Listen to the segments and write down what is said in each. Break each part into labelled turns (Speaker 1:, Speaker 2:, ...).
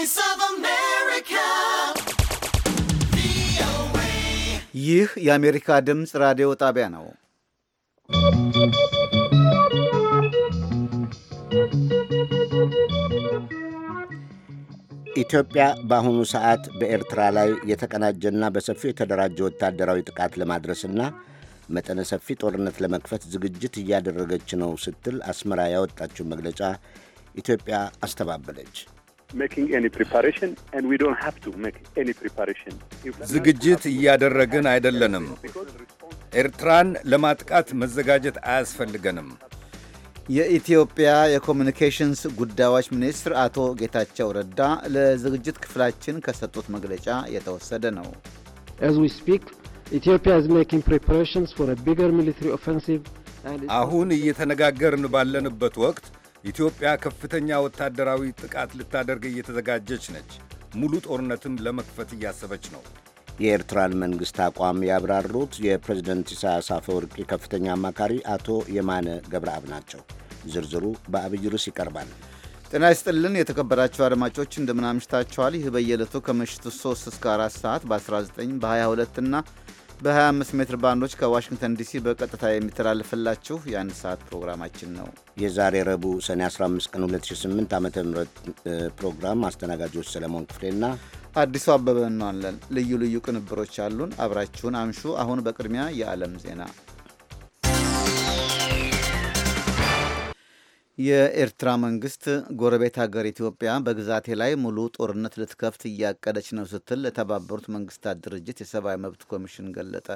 Speaker 1: Voice
Speaker 2: ይህ የአሜሪካ ድምፅ ራዲዮ ጣቢያ ነው።
Speaker 3: ኢትዮጵያ በአሁኑ ሰዓት በኤርትራ ላይ የተቀናጀና በሰፊው የተደራጀ ወታደራዊ ጥቃት ለማድረስና መጠነ ሰፊ ጦርነት ለመክፈት ዝግጅት እያደረገች ነው ስትል አስመራ ያወጣችው መግለጫ ኢትዮጵያ አስተባበለች።
Speaker 4: ዝግጅት
Speaker 5: እያደረግን አይደለንም። ኤርትራን ለማጥቃት መዘጋጀት አያስፈልገንም።
Speaker 2: የኢትዮጵያ የኮሚኒኬሽንስ ጉዳዮች ሚኒስትር አቶ ጌታቸው ረዳ ለዝግጅት ክፍላችን ከሰጡት መግለጫ የተወሰደ ነው።
Speaker 5: አሁን እየተነጋገርን ባለንበት ወቅት ኢትዮጵያ ከፍተኛ ወታደራዊ ጥቃት ልታደርግ እየተዘጋጀች ነች። ሙሉ ጦርነትም ለመክፈት እያሰበች ነው።
Speaker 3: የኤርትራን መንግሥት አቋም ያብራሩት የፕሬዝደንት ኢሳያስ አፈወርቂ ከፍተኛ አማካሪ አቶ የማነ ገብረአብ ናቸው። ዝርዝሩ በአብይ ርዕስ ይቀርባል። ጤና ይስጥልን የተከበራቸው አድማጮች
Speaker 2: እንደምናምሽታችኋል። ይህ በየዕለቱ ከምሽቱ 3 እስከ 4 ሰዓት በ19 በ22 እና በ25 ሜትር ባንዶች ከዋሽንግተን ዲሲ በቀጥታ የሚተላለፍላችሁ የአንድ ሰዓት ፕሮግራማችን
Speaker 3: ነው። የዛሬ ረቡዕ ሰኔ 15 ቀን 2008 ዓ ም ፕሮግራም አስተናጋጆች ሰለሞን ክፍሌና አዲሱ አበበ እናለን። ልዩ ልዩ ቅንብሮች አሉን። አብራችሁን
Speaker 2: አምሹ። አሁን በቅድሚያ የዓለም ዜና የኤርትራ መንግስት ጎረቤት ሀገር ኢትዮጵያ በግዛቴ ላይ ሙሉ ጦርነት ልትከፍት እያቀደች ነው ስትል ለተባበሩት መንግስታት ድርጅት የሰብአዊ መብት ኮሚሽን ገለጠ።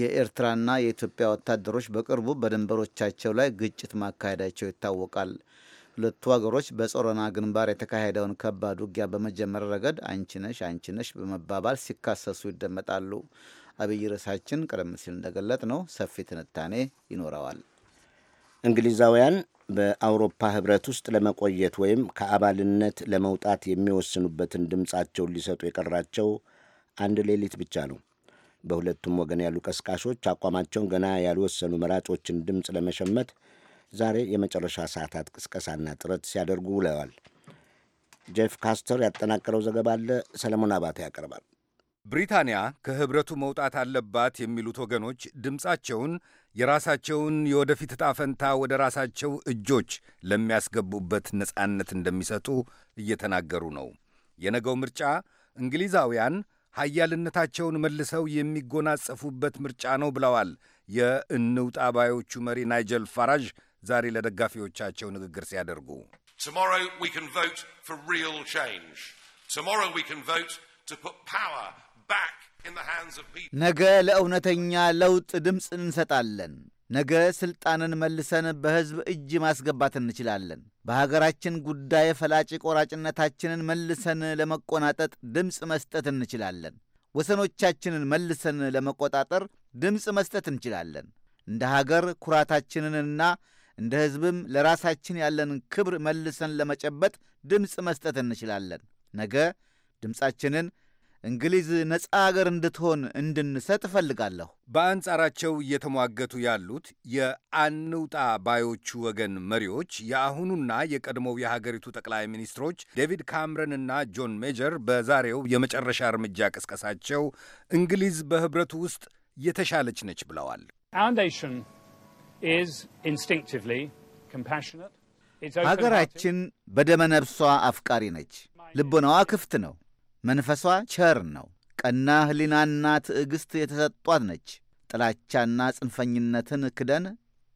Speaker 2: የኤርትራና የኢትዮጵያ ወታደሮች በቅርቡ በድንበሮቻቸው ላይ ግጭት ማካሄዳቸው ይታወቃል። ሁለቱ ሀገሮች በጾረና ግንባር የተካሄደውን ከባድ ውጊያ በመጀመር ረገድ አንቺነሽ አንቺነሽ በመባባል ሲካሰሱ ይደመጣሉ። አብይ ርዕሳችን ቀደም ሲል እንደገለጥ ነው ሰፊ ትንታኔ
Speaker 3: ይኖረዋል። እንግሊዛውያን በአውሮፓ ህብረት ውስጥ ለመቆየት ወይም ከአባልነት ለመውጣት የሚወስኑበትን ድምፃቸውን ሊሰጡ የቀራቸው አንድ ሌሊት ብቻ ነው። በሁለቱም ወገን ያሉ ቀስቃሾች አቋማቸውን ገና ያልወሰኑ መራጮችን ድምፅ ለመሸመት ዛሬ የመጨረሻ ሰዓታት ቅስቀሳና ጥረት ሲያደርጉ ውለዋል። ጄፍ ካስተር ያጠናቀረው ዘገባ አለ። ሰለሞን አባተ ያቀርባል።
Speaker 5: ብሪታንያ ከህብረቱ መውጣት አለባት የሚሉት ወገኖች ድምፃቸውን የራሳቸውን የወደፊት ዕጣ ፈንታ ወደ ራሳቸው እጆች ለሚያስገቡበት ነፃነት እንደሚሰጡ እየተናገሩ ነው። የነገው ምርጫ እንግሊዛውያን ሀያልነታቸውን መልሰው የሚጎናጸፉበት ምርጫ ነው ብለዋል የእንውጣ ባዮቹ መሪ ናይጀል ፋራጅ ዛሬ ለደጋፊዎቻቸው ንግግር ሲያደርጉ
Speaker 6: ነገ
Speaker 2: ለእውነተኛ ለውጥ ድምፅ እንሰጣለን። ነገ ሥልጣንን መልሰን በሕዝብ እጅ ማስገባት እንችላለን። በሀገራችን ጉዳይ ፈላጭ ቆራጭነታችንን መልሰን ለመቆናጠጥ ድምፅ መስጠት እንችላለን። ወሰኖቻችንን መልሰን ለመቆጣጠር ድምፅ መስጠት እንችላለን። እንደ ሀገር ኩራታችንንና እንደ ሕዝብም ለራሳችን ያለን ክብር መልሰን ለመጨበጥ ድምፅ መስጠት እንችላለን። ነገ ድምፃችንን እንግሊዝ ነፃ አገር እንድትሆን እንድንሰጥ
Speaker 5: እፈልጋለሁ። በአንጻራቸው እየተሟገቱ ያሉት የአንውጣ ባዮቹ ወገን መሪዎች የአሁኑና የቀድሞው የሀገሪቱ ጠቅላይ ሚኒስትሮች ዴቪድ ካምረን እና ጆን ሜጀር በዛሬው የመጨረሻ እርምጃ ቀስቀሳቸው እንግሊዝ በህብረቱ ውስጥ የተሻለች ነች ብለዋል። ሀገራችን
Speaker 2: በደመነብሷ አፍቃሪ ነች። ልቦናዋ ክፍት ነው። መንፈሷ ቸር ነው። ቀና ሕሊናና ትዕግሥት የተሰጧት ነች። ጥላቻና ጽንፈኝነትን ክደን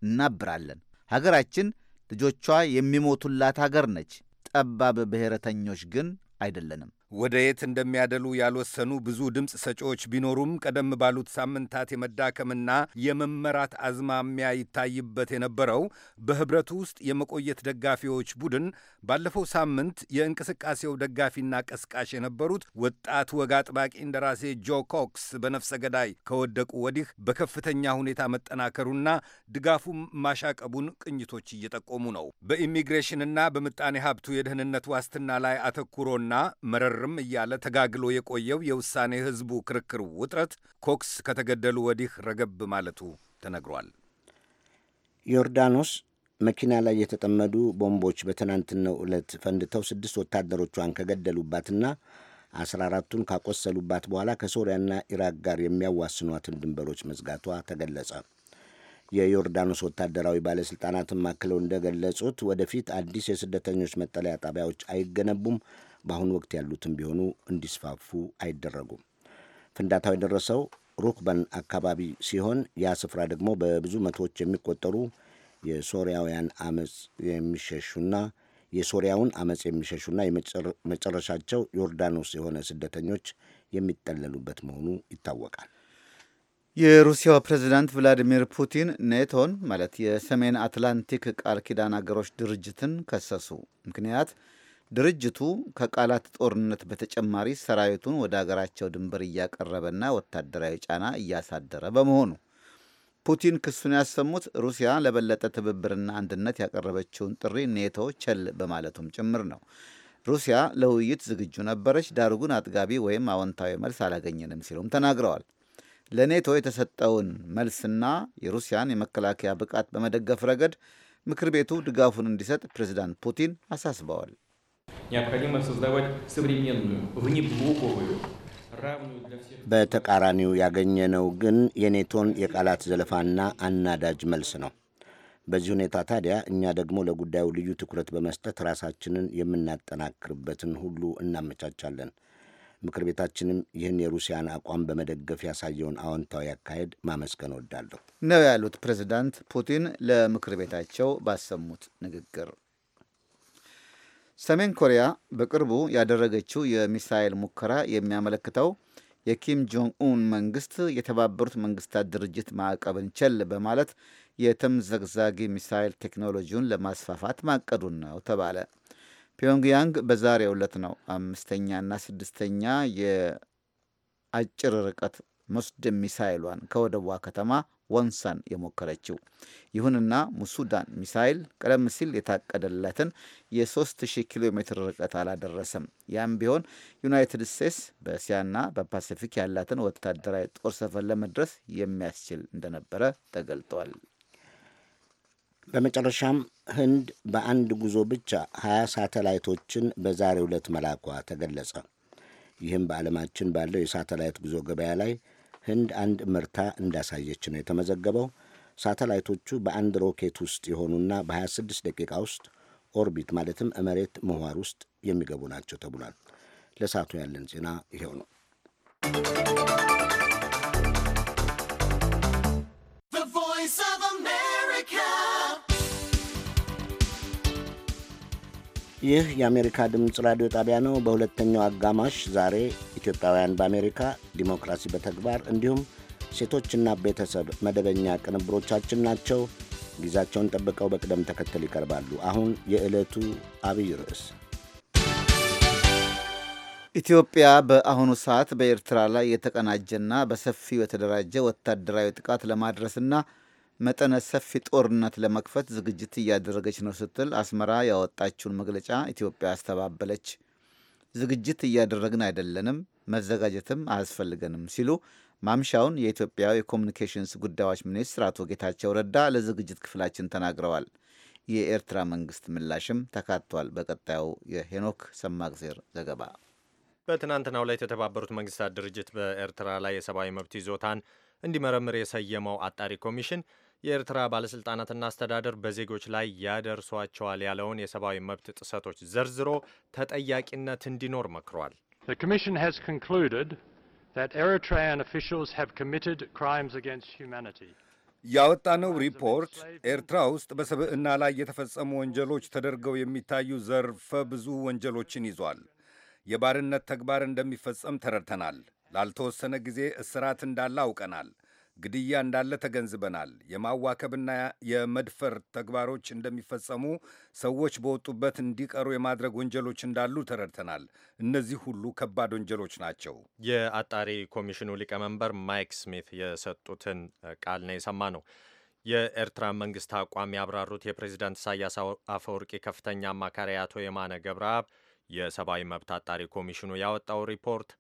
Speaker 2: እናብራለን። ሀገራችን ልጆቿ የሚሞቱላት ሀገር ነች። ጠባብ ብሔረተኞች ግን አይደለንም።
Speaker 5: ወደ የት እንደሚያደሉ ያልወሰኑ ብዙ ድምፅ ሰጪዎች ቢኖሩም ቀደም ባሉት ሳምንታት የመዳከምና የመመራት አዝማሚያ ይታይበት የነበረው በህብረቱ ውስጥ የመቆየት ደጋፊዎች ቡድን ባለፈው ሳምንት የእንቅስቃሴው ደጋፊና ቀስቃሽ የነበሩት ወጣት ወግ አጥባቂ እንደራሴ ጆ ኮክስ በነፍሰ ገዳይ ከወደቁ ወዲህ በከፍተኛ ሁኔታ መጠናከሩና ድጋፉም ማሻቀቡን ቅኝቶች እየጠቆሙ ነው። በኢሚግሬሽንና በምጣኔ ሀብቱ የደህንነት ዋስትና ላይ አተኩሮና መረር እርም እያለ ተጋግሎ የቆየው የውሳኔ ሕዝቡ ክርክር ውጥረት ኮክስ ከተገደሉ ወዲህ ረገብ ማለቱ ተነግሯል።
Speaker 3: ዮርዳኖስ መኪና ላይ የተጠመዱ ቦምቦች በትናንትናው ዕለት ፈንድተው ስድስት ወታደሮቿን ከገደሉባትና አስራ አራቱን ካቆሰሉባት በኋላ ከሶሪያና ኢራቅ ጋር የሚያዋስኗትን ድንበሮች መዝጋቷ ተገለጸ። የዮርዳኖስ ወታደራዊ ባለሥልጣናትም አክለው እንደገለጹት ወደፊት አዲስ የስደተኞች መጠለያ ጣቢያዎች አይገነቡም፣ በአሁኑ ወቅት ያሉትም ቢሆኑ እንዲስፋፉ አይደረጉም። ፍንዳታው የደረሰው ሩክበን አካባቢ ሲሆን ያ ስፍራ ደግሞ በብዙ መቶዎች የሚቆጠሩ የሶሪያውያን አመፅ የሚሸሹና የሶሪያውን አመፅ የሚሸሹና የመጨረሻቸው ዮርዳኖስ የሆነ ስደተኞች የሚጠለሉበት መሆኑ ይታወቃል።
Speaker 2: የሩሲያው ፕሬዚዳንት ቭላዲሚር ፑቲን ኔቶን ማለት የሰሜን አትላንቲክ ቃል ኪዳን አገሮች ድርጅትን ከሰሱ። ምክንያት ድርጅቱ ከቃላት ጦርነት በተጨማሪ ሰራዊቱን ወደ አገራቸው ድንበር እያቀረበና ወታደራዊ ጫና እያሳደረ በመሆኑ ፑቲን ክሱን ያሰሙት ሩሲያ ለበለጠ ትብብርና አንድነት ያቀረበችውን ጥሪ ኔቶ ቸል በማለቱም ጭምር ነው። ሩሲያ ለውይይት ዝግጁ ነበረች፣ ዳሩ ግን አጥጋቢ ወይም አዎንታዊ መልስ አላገኘንም ሲሉም ተናግረዋል። ለኔቶ የተሰጠውን መልስና የሩሲያን የመከላከያ ብቃት በመደገፍ ረገድ ምክር ቤቱ ድጋፉን እንዲሰጥ ፕሬዚዳንት ፑቲን አሳስበዋል።
Speaker 7: необходимо создавать современную, внеблоковую, равную для
Speaker 3: በተቃራኒው ያገኘነው ግን የኔቶን የቃላት ዘለፋና አናዳጅ መልስ ነው። በዚህ ሁኔታ ታዲያ እኛ ደግሞ ለጉዳዩ ልዩ ትኩረት በመስጠት ራሳችንን የምናጠናክርበትን ሁሉ እናመቻቻለን። ምክር ቤታችንም ይህን የሩሲያን አቋም በመደገፍ ያሳየውን አዎንታዊ አካሄድ ማመስገን ወዳለሁ
Speaker 2: ነው ያሉት ፕሬዚዳንት ፑቲን ለምክር ቤታቸው ባሰሙት ንግግር ሰሜን ኮሪያ በቅርቡ ያደረገችው የሚሳኤል ሙከራ የሚያመለክተው የኪም ጆንግ ኡን መንግስት የተባበሩት መንግስታት ድርጅት ማዕቀብን ቸል በማለት የተምዘግዛጊ ሚሳኤል ቴክኖሎጂውን ለማስፋፋት ማቀዱን ነው ተባለ። ፒዮንግያንግ በዛሬው ዕለት ነው አምስተኛና ስድስተኛ የአጭር ርቀት መስደም ሚሳይሏን ከወደቧ ከተማ ወንሳን የሞከረችው። ይሁንና ሙሱዳን ሚሳይል ቀደም ሲል የታቀደለትን የ3000 ኪሎ ሜትር ርቀት አላደረሰም። ያም ቢሆን ዩናይትድ ስቴትስ በእስያና በፓሲፊክ ያላትን ወታደራዊ ጦር ሰፈር ለመድረስ የሚያስችል እንደነበረ ተገልጧል።
Speaker 3: በመጨረሻም ህንድ በአንድ ጉዞ ብቻ 20 ሳተላይቶችን በዛሬው ዕለት መላኳ ተገለጸ። ይህም በዓለማችን ባለው የሳተላይት ጉዞ ገበያ ላይ ህንድ አንድ ምርታ እንዳሳየች ነው የተመዘገበው። ሳተላይቶቹ በአንድ ሮኬት ውስጥ የሆኑና በ26 ደቂቃ ውስጥ ኦርቢት ማለትም መሬት ምህዋር ውስጥ የሚገቡ ናቸው ተብሏል። ለሳቱ ያለን ዜና ይሄው ነው። ይህ የአሜሪካ ድምፅ ራዲዮ ጣቢያ ነው። በሁለተኛው አጋማሽ ዛሬ ኢትዮጵያውያን በአሜሪካ ዲሞክራሲ በተግባር እንዲሁም ሴቶችና ቤተሰብ መደበኛ ቅንብሮቻችን ናቸው። ጊዜያቸውን ጠብቀው በቅደም ተከተል ይቀርባሉ። አሁን የዕለቱ አብይ ርዕስ
Speaker 2: ኢትዮጵያ በአሁኑ ሰዓት በኤርትራ ላይ የተቀናጀና በሰፊው የተደራጀ ወታደራዊ ጥቃት ለማድረስና መጠነ ሰፊ ጦርነት ለመክፈት ዝግጅት እያደረገች ነው ስትል አስመራ ያወጣችውን መግለጫ ኢትዮጵያ አስተባበለች። ዝግጅት እያደረግን አይደለንም፣ መዘጋጀትም አያስፈልገንም ሲሉ ማምሻውን የኢትዮጵያ የኮሚኒኬሽንስ ጉዳዮች ሚኒስትር አቶ ጌታቸው ረዳ ለዝግጅት ክፍላችን ተናግረዋል። የኤርትራ መንግስት ምላሽም ተካቷል። በቀጣዩ የሄኖክ ሰማግዜር ዘገባ
Speaker 7: በትናንትናው ዕለት የተባበሩት መንግስታት ድርጅት በኤርትራ ላይ የሰብአዊ መብት ይዞታን እንዲመረምር የሰየመው አጣሪ ኮሚሽን የኤርትራ ባለሥልጣናትና አስተዳደር በዜጎች ላይ ያደርሷቸዋል ያለውን የሰብአዊ መብት ጥሰቶች ዘርዝሮ ተጠያቂነት እንዲኖር መክሯል።
Speaker 5: ያወጣነው ሪፖርት ኤርትራ ውስጥ በሰብዕና ላይ የተፈጸሙ ወንጀሎች ተደርገው የሚታዩ ዘርፈ ብዙ ወንጀሎችን ይዟል። የባርነት ተግባር እንደሚፈጸም ተረድተናል። ላልተወሰነ ጊዜ እስራት እንዳለ አውቀናል። ግድያ እንዳለ ተገንዝበናል። የማዋከብና የመድፈር ተግባሮች እንደሚፈጸሙ፣ ሰዎች በወጡበት እንዲቀሩ የማድረግ ወንጀሎች እንዳሉ ተረድተናል። እነዚህ ሁሉ ከባድ ወንጀሎች ናቸው።
Speaker 7: የአጣሪ ኮሚሽኑ ሊቀመንበር ማይክ ስሚት የሰጡትን ቃል ነው የሰማ ነው። የኤርትራ መንግስት አቋም ያብራሩት የፕሬዚዳንት ኢሳያስ አፈወርቂ ከፍተኛ አማካሪ አቶ የማነ ገብረአብ የሰብአዊ መብት አጣሪ ኮሚሽኑ ያወጣው ሪፖርት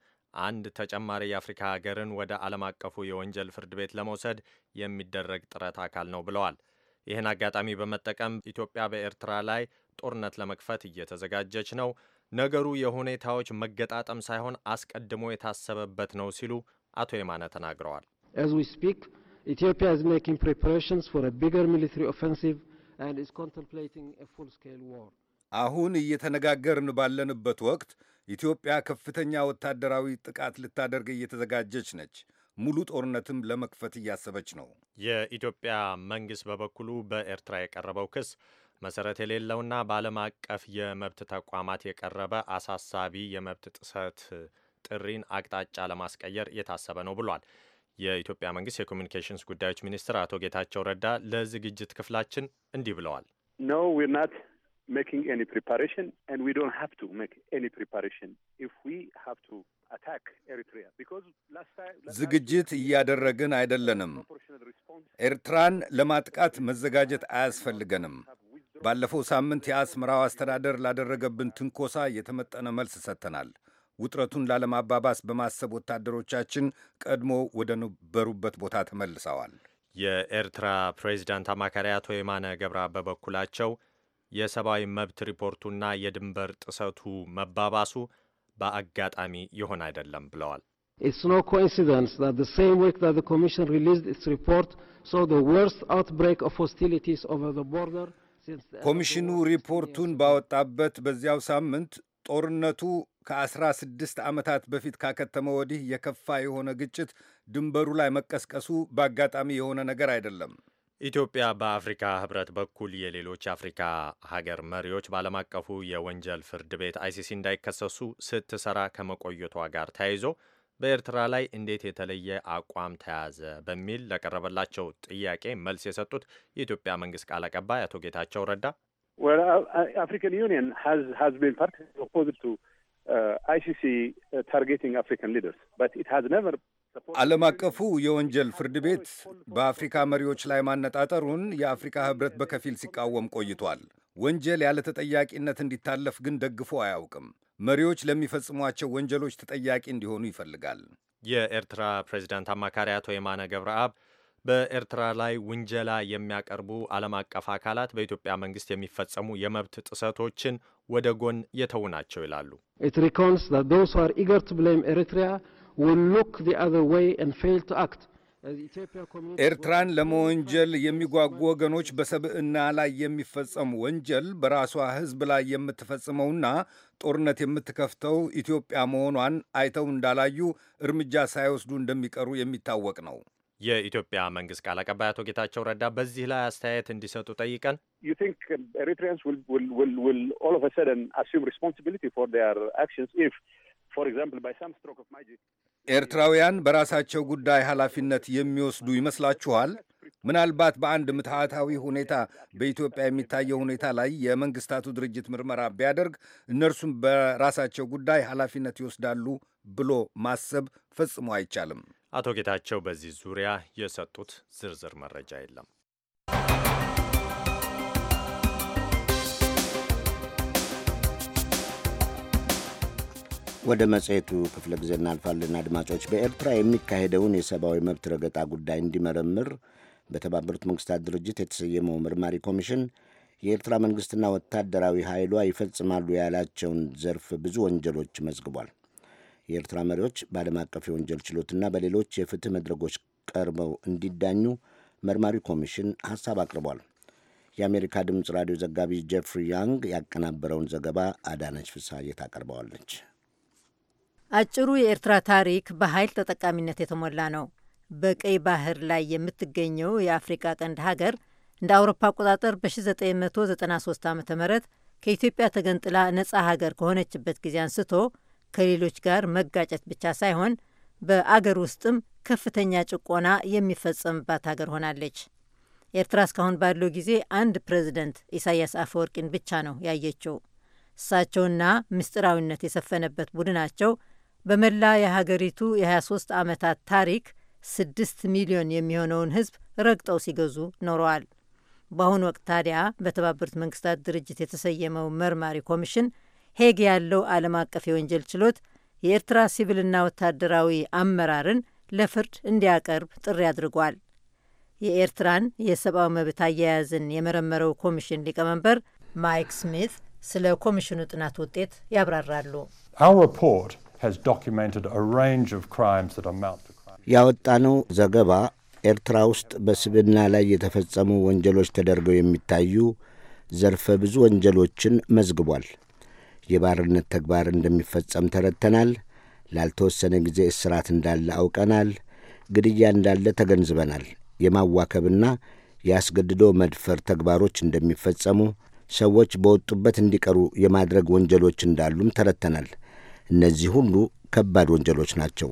Speaker 7: አንድ ተጨማሪ የአፍሪካ ሀገርን ወደ ዓለም አቀፉ የወንጀል ፍርድ ቤት ለመውሰድ የሚደረግ ጥረት አካል ነው ብለዋል። ይህን አጋጣሚ በመጠቀም ኢትዮጵያ በኤርትራ ላይ ጦርነት ለመክፈት እየተዘጋጀች ነው፣ ነገሩ የሁኔታዎች መገጣጠም ሳይሆን አስቀድሞ የታሰበበት ነው ሲሉ አቶ የማነ ተናግረዋል።
Speaker 8: as we speak, Ethiopia ፎር making preparations for a bigger military offensive
Speaker 5: አሁን እየተነጋገርን ባለንበት ወቅት ኢትዮጵያ ከፍተኛ ወታደራዊ ጥቃት ልታደርግ እየተዘጋጀች ነች። ሙሉ ጦርነትም ለመክፈት እያሰበች ነው።
Speaker 7: የኢትዮጵያ መንግስት በበኩሉ በኤርትራ የቀረበው ክስ መሰረት የሌለውና በዓለም አቀፍ የመብት ተቋማት የቀረበ አሳሳቢ የመብት ጥሰት ጥሪን አቅጣጫ ለማስቀየር የታሰበ ነው ብሏል። የኢትዮጵያ መንግስት የኮሚኒኬሽንስ ጉዳዮች ሚኒስትር አቶ ጌታቸው ረዳ ለዝግጅት ክፍላችን እንዲህ ብለዋል።
Speaker 4: ኖ ዊር ናት making any preparation, and we don't have to make any preparation if we have to attack Eritrea because last time. ዝግጅት
Speaker 5: እያደረግን አይደለንም። ኤርትራን ለማጥቃት መዘጋጀት አያስፈልገንም። ባለፈው ሳምንት የአስመራው አስተዳደር ላደረገብን ትንኮሳ የተመጠነ መልስ ሰጥተናል። ውጥረቱን ላለማባባስ በማሰብ ወታደሮቻችን ቀድሞ ወደ ነበሩበት ቦታ ተመልሰዋል።
Speaker 7: የኤርትራ ፕሬዚዳንት አማካሪ አቶ የማነ ገብረአብ በበኩላቸው የሰብአዊ መብት ሪፖርቱና የድንበር ጥሰቱ መባባሱ በአጋጣሚ ይሆን አይደለም ብለዋል።
Speaker 5: ኮሚሽኑ ሪፖርቱን ባወጣበት በዚያው ሳምንት ጦርነቱ ከ16 ዓመታት በፊት ካከተመ ወዲህ የከፋ የሆነ ግጭት ድንበሩ ላይ መቀስቀሱ በአጋጣሚ የሆነ ነገር አይደለም።
Speaker 7: ኢትዮጵያ በአፍሪካ ህብረት በኩል የሌሎች የአፍሪካ ሀገር መሪዎች በዓለም አቀፉ የወንጀል ፍርድ ቤት አይሲሲ እንዳይከሰሱ ስትሰራ ከመቆየቷ ጋር ተያይዞ በኤርትራ ላይ እንዴት የተለየ አቋም ተያዘ በሚል ለቀረበላቸው ጥያቄ መልስ የሰጡት የኢትዮጵያ መንግስት ቃል አቀባይ አቶ ጌታቸው ረዳ
Speaker 4: uh, አይሲሲ ታርጌቲንግ አፍሪካን ሊደርስ
Speaker 5: በት ኢት ሃዝ ነቨር ዓለም አቀፉ የወንጀል ፍርድ ቤት በአፍሪካ መሪዎች ላይ ማነጣጠሩን የአፍሪካ ህብረት በከፊል ሲቃወም ቆይቷል። ወንጀል ያለ ተጠያቂነት እንዲታለፍ ግን ደግፎ አያውቅም። መሪዎች ለሚፈጽሟቸው ወንጀሎች ተጠያቂ እንዲሆኑ ይፈልጋል።
Speaker 7: የኤርትራ ፕሬዚዳንት አማካሪ አቶ የማነ ገብረአብ በኤርትራ ላይ ውንጀላ የሚያቀርቡ ዓለም አቀፍ አካላት በኢትዮጵያ መንግስት የሚፈጸሙ የመብት ጥሰቶችን ወደ ጎን የተዉ ናቸው ይላሉ።
Speaker 5: ኤርትራን ለመወንጀል የሚጓጉ ወገኖች በሰብዕና ላይ የሚፈጸም ወንጀል በራሷ ሕዝብ ላይ የምትፈጽመውና ጦርነት የምትከፍተው ኢትዮጵያ መሆኗን አይተው እንዳላዩ እርምጃ ሳይወስዱ እንደሚቀሩ የሚታወቅ ነው።
Speaker 7: የኢትዮጵያ መንግስት ቃል አቀባይ አቶ ጌታቸው ረዳ በዚህ ላይ አስተያየት እንዲሰጡ ጠይቀን
Speaker 4: uh,
Speaker 5: ኤርትራውያን በራሳቸው ጉዳይ ኃላፊነት የሚወስዱ ይመስላችኋል? ምናልባት በአንድ ምትሃታዊ ሁኔታ በኢትዮጵያ የሚታየው ሁኔታ ላይ የመንግስታቱ ድርጅት ምርመራ ቢያደርግ እነርሱም በራሳቸው ጉዳይ ኃላፊነት ይወስዳሉ ብሎ ማሰብ ፈጽሞ አይቻልም።
Speaker 7: አቶ ጌታቸው በዚህ ዙሪያ የሰጡት ዝርዝር መረጃ የለም።
Speaker 3: ወደ መጽሔቱ ክፍለ ጊዜ እናልፋለን አድማጮች። በኤርትራ የሚካሄደውን የሰብአዊ መብት ረገጣ ጉዳይ እንዲመረምር በተባበሩት መንግስታት ድርጅት የተሰየመው ምርማሪ ኮሚሽን የኤርትራ መንግስትና ወታደራዊ ኃይሏ ይፈጽማሉ ያላቸውን ዘርፍ ብዙ ወንጀሎች መዝግቧል። የኤርትራ መሪዎች በዓለም አቀፍ የወንጀል ችሎትና በሌሎች የፍትህ መድረኮች ቀርበው እንዲዳኙ መርማሪ ኮሚሽን ሀሳብ አቅርቧል። የአሜሪካ ድምፅ ራዲዮ ዘጋቢ ጄፍሪ ያንግ ያቀናበረውን ዘገባ አዳነች ፍሳዬ ታቀርበዋለች።
Speaker 9: አጭሩ የኤርትራ ታሪክ በኃይል ተጠቃሚነት የተሞላ ነው። በቀይ ባህር ላይ የምትገኘው የአፍሪቃ ቀንድ ሀገር እንደ አውሮፓ አቆጣጠር በ1993 ዓ ም ከኢትዮጵያ ተገንጥላ ነጻ ሀገር ከሆነችበት ጊዜ አንስቶ ከሌሎች ጋር መጋጨት ብቻ ሳይሆን በአገር ውስጥም ከፍተኛ ጭቆና የሚፈጸምባት ሀገር ሆናለች። ኤርትራ እስካሁን ባለው ጊዜ አንድ ፕሬዝደንት ኢሳያስ አፈወርቂን ብቻ ነው ያየችው። እሳቸውና ምስጢራዊነት የሰፈነበት ቡድናቸው በመላ የሀገሪቱ የ23 ዓመታት ታሪክ ስድስት ሚሊዮን የሚሆነውን ሕዝብ ረግጠው ሲገዙ ኖረዋል። በአሁኑ ወቅት ታዲያ በተባበሩት መንግስታት ድርጅት የተሰየመው መርማሪ ኮሚሽን ሄግ ያለው ዓለም አቀፍ የወንጀል ችሎት የኤርትራ ሲቪልና ወታደራዊ አመራርን ለፍርድ እንዲያቀርብ ጥሪ አድርጓል። የኤርትራን የሰብአዊ መብት አያያዝን የመረመረው ኮሚሽን ሊቀመንበር ማይክ ስሚት ስለ ኮሚሽኑ ጥናት ውጤት ያብራራሉ።
Speaker 3: ያወጣነው ዘገባ ኤርትራ ውስጥ በስብና ላይ የተፈጸሙ ወንጀሎች ተደርገው የሚታዩ ዘርፈ ብዙ ወንጀሎችን መዝግቧል። የባርነት ተግባር እንደሚፈጸም ተረድተናል። ላልተወሰነ ጊዜ እስራት እንዳለ አውቀናል። ግድያ እንዳለ ተገንዝበናል። የማዋከብና የአስገድዶ መድፈር ተግባሮች እንደሚፈጸሙ፣ ሰዎች በወጡበት እንዲቀሩ የማድረግ ወንጀሎች እንዳሉም ተረድተናል። እነዚህ ሁሉ ከባድ ወንጀሎች ናቸው።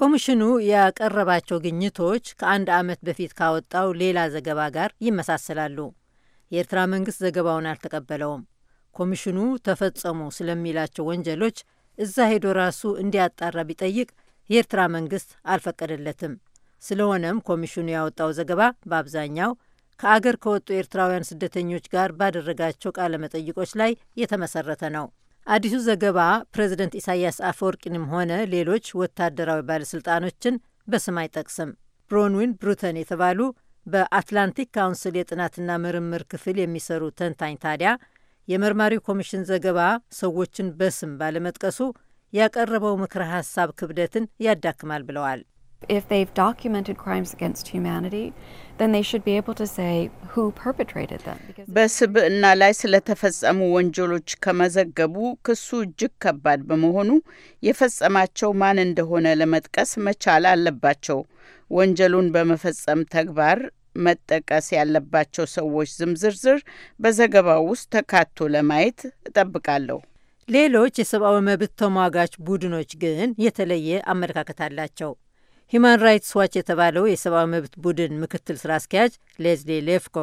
Speaker 9: ኮሚሽኑ ያቀረባቸው ግኝቶች ከአንድ ዓመት በፊት ካወጣው ሌላ ዘገባ ጋር ይመሳሰላሉ። የኤርትራ መንግሥት ዘገባውን አልተቀበለውም። ኮሚሽኑ ተፈጸሙ ስለሚላቸው ወንጀሎች እዛ ሄዶ ራሱ እንዲያጣራ ቢጠይቅ የኤርትራ መንግስት አልፈቀደለትም። ስለሆነም ኮሚሽኑ ያወጣው ዘገባ በአብዛኛው ከአገር ከወጡ ኤርትራውያን ስደተኞች ጋር ባደረጋቸው ቃለ መጠይቆች ላይ የተመሰረተ ነው። አዲሱ ዘገባ ፕሬዝደንት ኢሳያስ አፈወርቂንም ሆነ ሌሎች ወታደራዊ ባለሥልጣኖችን በስም አይጠቅስም። ብሮንዊን ብሩተን የተባሉ በአትላንቲክ ካውንስል የጥናትና ምርምር ክፍል የሚሰሩ ተንታኝ ታዲያ የመርማሪው ኮሚሽን ዘገባ ሰዎችን በስም ባለመጥቀሱ ያቀረበው ምክረ ሀሳብ ክብደትን ያዳክማል ብለዋል።
Speaker 6: በስብዕና ላይ ስለተፈጸሙ ወንጀሎች ከመዘገቡ ክሱ እጅግ ከባድ በመሆኑ የፈጸማቸው ማን እንደሆነ ለመጥቀስ መቻል አለባቸው። ወንጀሉን በመፈጸም ተግባር መጠቀስ ያለባቸው ሰዎች ዝምዝርዝር ዝርዝር በዘገባው ውስጥ ተካቶ ለማየት እጠብቃለሁ። ሌሎች የሰብአዊ መብት
Speaker 9: ተሟጋች ቡድኖች ግን የተለየ አመለካከት አላቸው። ሂማን ራይትስ ዋች የተባለው የሰብአዊ መብት ቡድን ምክትል ስራ አስኪያጅ ሌዝሊ ሌፍኮ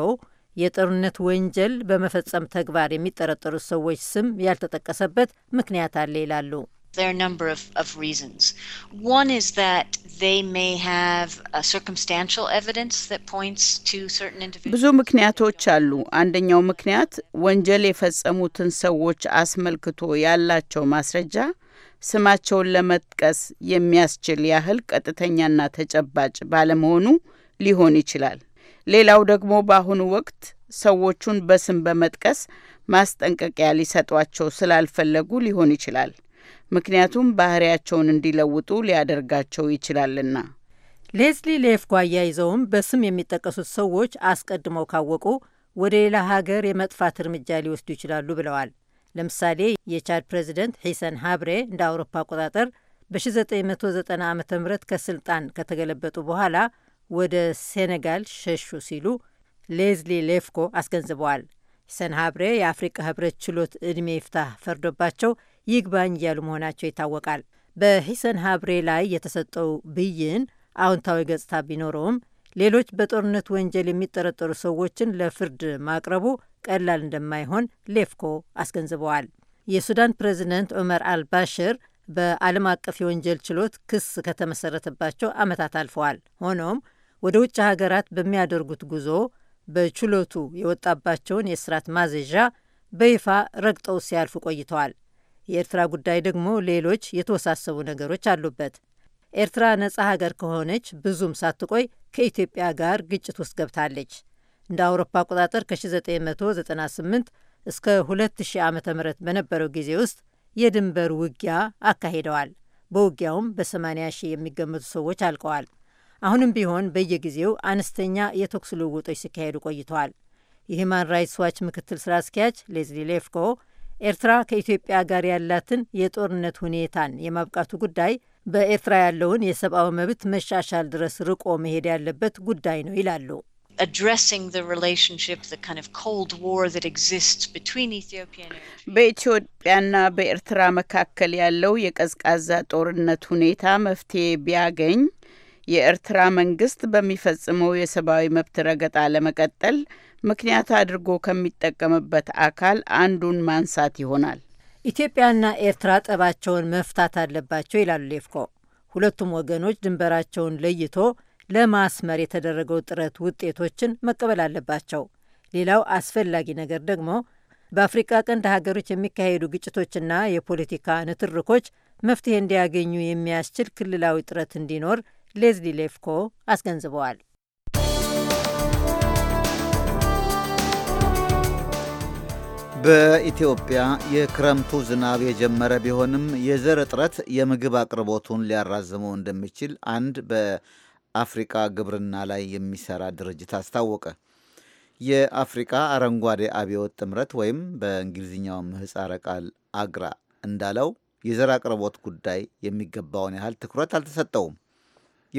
Speaker 9: የጦርነት ወንጀል በመፈጸም ተግባር የሚጠረጠሩት ሰዎች ስም ያልተጠቀሰበት ምክንያት አለ ይላሉ። There are a number of, of reasons. One is that they may have a
Speaker 10: circumstantial evidence that points to certain individuals.
Speaker 6: ብዙ ምክንያቶች አሉ። አንደኛው ምክንያት ወንጀል የፈጸሙትን ሰዎች አስመልክቶ ያላቸው ማስረጃ ስማቸውን ለመጥቀስ የሚያስችል ያህል ቀጥተኛና ተጨባጭ ባለመሆኑ ሊሆን ይችላል። ሌላው ደግሞ በአሁኑ ወቅት ሰዎቹን በስም በመጥቀስ ማስጠንቀቂያ ሊሰጧቸው ስላልፈለጉ ሊሆን ይችላል። ምክንያቱም ባህሪያቸውን እንዲለውጡ ሊያደርጋቸው ይችላልና። ሌዝሊ ሌፍኮ አያይዘውም በስም የሚጠቀሱት ሰዎች አስቀድመው ካወቁ ወደ ሌላ ሀገር
Speaker 9: የመጥፋት እርምጃ ሊወስዱ ይችላሉ ብለዋል። ለምሳሌ የቻድ ፕሬዚደንት ሒሰን ሀብሬ እንደ አውሮፓ አቆጣጠር በ1990 ዓ ም ከስልጣን ከተገለበጡ በኋላ ወደ ሴኔጋል ሸሹ ሲሉ ሌዝሊ ሌፍኮ አስገንዝበዋል። ሂሰን ሀብሬ የአፍሪቃ ህብረት ችሎት ዕድሜ ይፍታህ ፈርዶባቸው ይግባኝ እያሉ መሆናቸው ይታወቃል። በሂሰን ሀብሬ ላይ የተሰጠው ብይን አዎንታዊ ገጽታ ቢኖረውም ሌሎች በጦርነት ወንጀል የሚጠረጠሩ ሰዎችን ለፍርድ ማቅረቡ ቀላል እንደማይሆን ሌፍኮ አስገንዝበዋል። የሱዳን ፕሬዚደንት ዑመር አልባሽር በዓለም አቀፍ የወንጀል ችሎት ክስ ከተመሰረተባቸው ዓመታት አልፈዋል። ሆኖም ወደ ውጭ ሀገራት በሚያደርጉት ጉዞ በችሎቱ የወጣባቸውን የእስራት ማዘዣ በይፋ ረግጠው ሲያልፉ ቆይተዋል። የኤርትራ ጉዳይ ደግሞ ሌሎች የተወሳሰቡ ነገሮች አሉበት። ኤርትራ ነጻ ሀገር ከሆነች ብዙም ሳትቆይ ከኢትዮጵያ ጋር ግጭት ውስጥ ገብታለች። እንደ አውሮፓ አቆጣጠር ከ1998 እስከ 2000 ዓ ም በነበረው ጊዜ ውስጥ የድንበር ውጊያ አካሂደዋል። በውጊያውም በ80 ሺህ የሚገመቱ ሰዎች አልቀዋል። አሁንም ቢሆን በየጊዜው አነስተኛ የተኩስ ልውውጦች ሲካሄዱ ቆይተዋል። የሂማን ራይትስ ዋች ምክትል ስራ አስኪያጅ ሌዝሊ ሌፍኮ ኤርትራ ከኢትዮጵያ ጋር ያላትን የጦርነት ሁኔታን የማብቃቱ ጉዳይ በኤርትራ ያለውን የሰብአዊ መብት መሻሻል ድረስ ርቆ መሄድ ያለበት ጉዳይ
Speaker 6: ነው ይላሉ። በኢትዮጵያና በኤርትራ መካከል ያለው የቀዝቃዛ ጦርነት ሁኔታ መፍትሄ ቢያገኝ የኤርትራ መንግስት በሚፈጽመው የሰብአዊ መብት ረገጣ ለመቀጠል ምክንያት አድርጎ ከሚጠቀምበት አካል አንዱን ማንሳት ይሆናል። ኢትዮጵያና ኤርትራ ጠባቸውን
Speaker 9: መፍታት አለባቸው ይላሉ ሌፍኮ። ሁለቱም ወገኖች ድንበራቸውን ለይቶ ለማስመር የተደረገው ጥረት ውጤቶችን መቀበል አለባቸው። ሌላው አስፈላጊ ነገር ደግሞ በአፍሪቃ ቀንድ ሀገሮች የሚካሄዱ ግጭቶችና የፖለቲካ ንትርኮች መፍትሄ እንዲያገኙ የሚያስችል ክልላዊ ጥረት እንዲኖር ሌዝሊ ሌፍኮ አስገንዝበዋል።
Speaker 2: በኢትዮጵያ የክረምቱ ዝናብ የጀመረ ቢሆንም የዘር እጥረት የምግብ አቅርቦቱን ሊያራዝመው እንደሚችል አንድ በአፍሪቃ ግብርና ላይ የሚሰራ ድርጅት አስታወቀ። የአፍሪቃ አረንጓዴ አብዮት ጥምረት ወይም በእንግሊዝኛው ምህፃረ ቃል አግራ እንዳለው የዘር አቅርቦት ጉዳይ የሚገባውን ያህል ትኩረት አልተሰጠውም።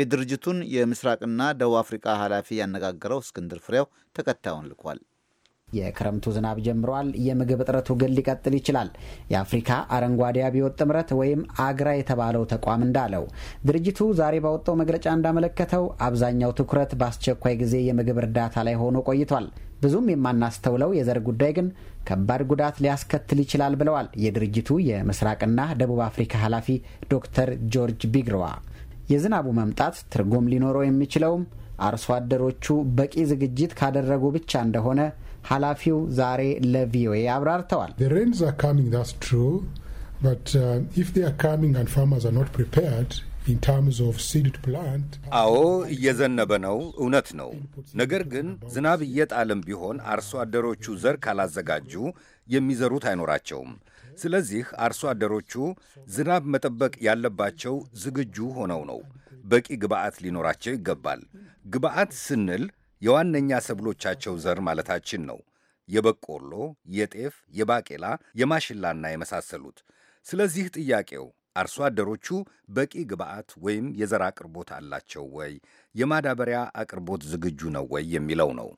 Speaker 2: የድርጅቱን የምስራቅና ደቡብ አፍሪቃ ኃላፊ ያነጋገረው እስክንድር ፍሬው ተከታዩን ልኳል።
Speaker 10: የክረምቱ ዝናብ ጀምሯል። የምግብ እጥረቱ ግን ሊቀጥል ይችላል። የአፍሪካ አረንጓዴ አብዮት ጥምረት ወይም አግራ የተባለው ተቋም እንዳለው ድርጅቱ ዛሬ ባወጣው መግለጫ እንዳመለከተው አብዛኛው ትኩረት በአስቸኳይ ጊዜ የምግብ እርዳታ ላይ ሆኖ ቆይቷል። ብዙም የማናስተውለው የዘር ጉዳይ ግን ከባድ ጉዳት ሊያስከትል ይችላል ብለዋል የድርጅቱ የምስራቅና ደቡብ አፍሪካ ኃላፊ ዶክተር ጆርጅ ቢግርዋ። የዝናቡ መምጣት ትርጉም ሊኖረው የሚችለውም አርሶ አደሮቹ በቂ ዝግጅት ካደረጉ ብቻ እንደሆነ ኃላፊው ዛሬ ለቪኦኤ አብራርተዋል።
Speaker 11: uh,
Speaker 5: አዎ እየዘነበ ነው፣ እውነት ነው። ነገር ግን ዝናብ እየጣለም ቢሆን አርሶ አደሮቹ ዘር ካላዘጋጁ የሚዘሩት አይኖራቸውም። ስለዚህ አርሶ አደሮቹ ዝናብ መጠበቅ ያለባቸው ዝግጁ ሆነው ነው። በቂ ግብዓት ሊኖራቸው ይገባል። ግብዓት ስንል የዋነኛ ሰብሎቻቸው ዘር ማለታችን ነው። የበቆሎ፣ የጤፍ፣ የባቄላ፣ የማሽላና የመሳሰሉት። ስለዚህ ጥያቄው አርሶ አደሮቹ በቂ ግብዓት ወይም የዘር አቅርቦት አላቸው ወይ፣ የማዳበሪያ አቅርቦት ዝግጁ ነው ወይ የሚለው ነው።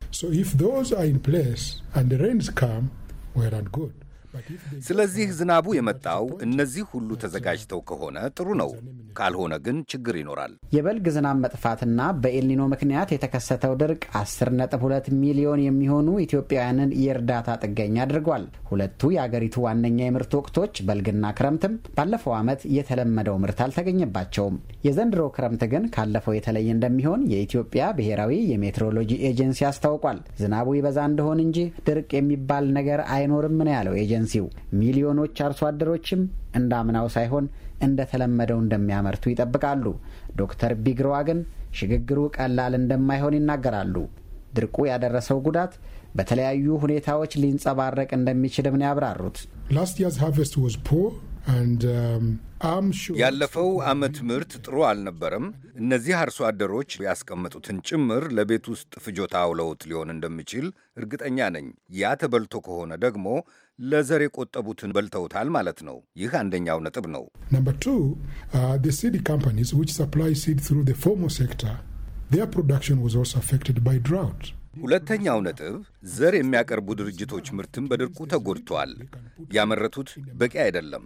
Speaker 5: ስለዚህ ዝናቡ የመጣው እነዚህ ሁሉ ተዘጋጅተው ከሆነ ጥሩ ነው፣ ካልሆነ ግን ችግር ይኖራል።
Speaker 10: የበልግ ዝናብ መጥፋትና በኤልኒኖ ምክንያት የተከሰተው ድርቅ 10.2 ሚሊዮን የሚሆኑ ኢትዮጵያውያንን የእርዳታ ጥገኛ አድርጓል። ሁለቱ የአገሪቱ ዋነኛ የምርት ወቅቶች በልግና ክረምትም ባለፈው ዓመት የተለመደው ምርት አልተገኘባቸውም። የዘንድሮ ክረምት ግን ካለፈው የተለየ እንደሚሆን የኢትዮጵያ ብሔራዊ የሜትሮሎጂ ኤጀንሲ አስታውቋል። ዝናቡ ይበዛ እንደሆን እንጂ ድርቅ የሚባል ነገር አይኖርም ነው ያለው ኤጀንሲ ኤጀንሲው ሚሊዮኖች አርሶ አደሮችም እንዳምናው ሳይሆን እንደተለመደው እንደሚያመርቱ ይጠብቃሉ። ዶክተር ቢግሮዋ ግን ሽግግሩ ቀላል እንደማይሆን ይናገራሉ። ድርቁ ያደረሰው ጉዳት በተለያዩ ሁኔታዎች ሊንጸባረቅ እንደሚችልም ነው ያብራሩት።
Speaker 5: um, ያለፈው ዓመት ምርት ጥሩ አልነበረም። እነዚህ አርሶ አደሮች ያስቀመጡትን ጭምር ለቤት ውስጥ ፍጆታ አውለውት ሊሆን እንደሚችል እርግጠኛ ነኝ። ያ ተበልቶ ከሆነ ደግሞ ለዘር የቆጠቡትን በልተውታል ማለት ነው። ይህ አንደኛው ነጥብ ነው። uh, ሁለተኛው ነጥብ ዘር የሚያቀርቡ ድርጅቶች ምርትም በድርቁ ተጎድቷል። ያመረቱት በቂ አይደለም።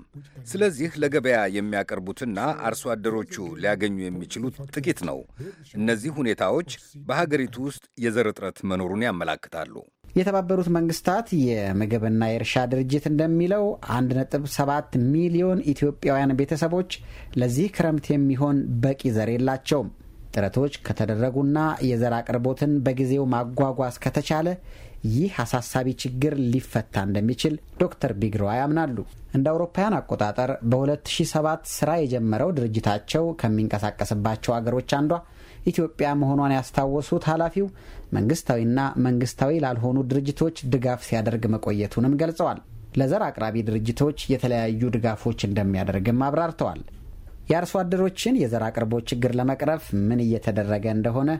Speaker 5: ስለዚህ ለገበያ የሚያቀርቡትና አርሶ አደሮቹ ሊያገኙ የሚችሉት ጥቂት ነው። እነዚህ ሁኔታዎች በሀገሪቱ ውስጥ የዘር እጥረት መኖሩን ያመላክታሉ።
Speaker 10: የተባበሩት መንግስታት የምግብና የእርሻ ድርጅት እንደሚለው 1.7 ሚሊዮን ኢትዮጵያውያን ቤተሰቦች ለዚህ ክረምት የሚሆን በቂ ዘር የላቸውም። ጥረቶች ከተደረጉና የዘር አቅርቦትን በጊዜው ማጓጓዝ ከተቻለ ይህ አሳሳቢ ችግር ሊፈታ እንደሚችል ዶክተር ቢግሯ ያምናሉ። እንደ አውሮፓውያን አቆጣጠር በ2007 ስራ የጀመረው ድርጅታቸው ከሚንቀሳቀስባቸው አገሮች አንዷ ኢትዮጵያ መሆኗን ያስታወሱት ኃላፊው መንግስታዊና መንግስታዊ ላልሆኑ ድርጅቶች ድጋፍ ሲያደርግ መቆየቱንም ገልጸዋል። ለዘር አቅራቢ ድርጅቶች የተለያዩ ድጋፎች እንደሚያደርግም አብራርተዋል። የአርሶ አደሮችን የዘር አቅርቦ ችግር ለመቅረፍ ምን እየተደረገ እንደሆነ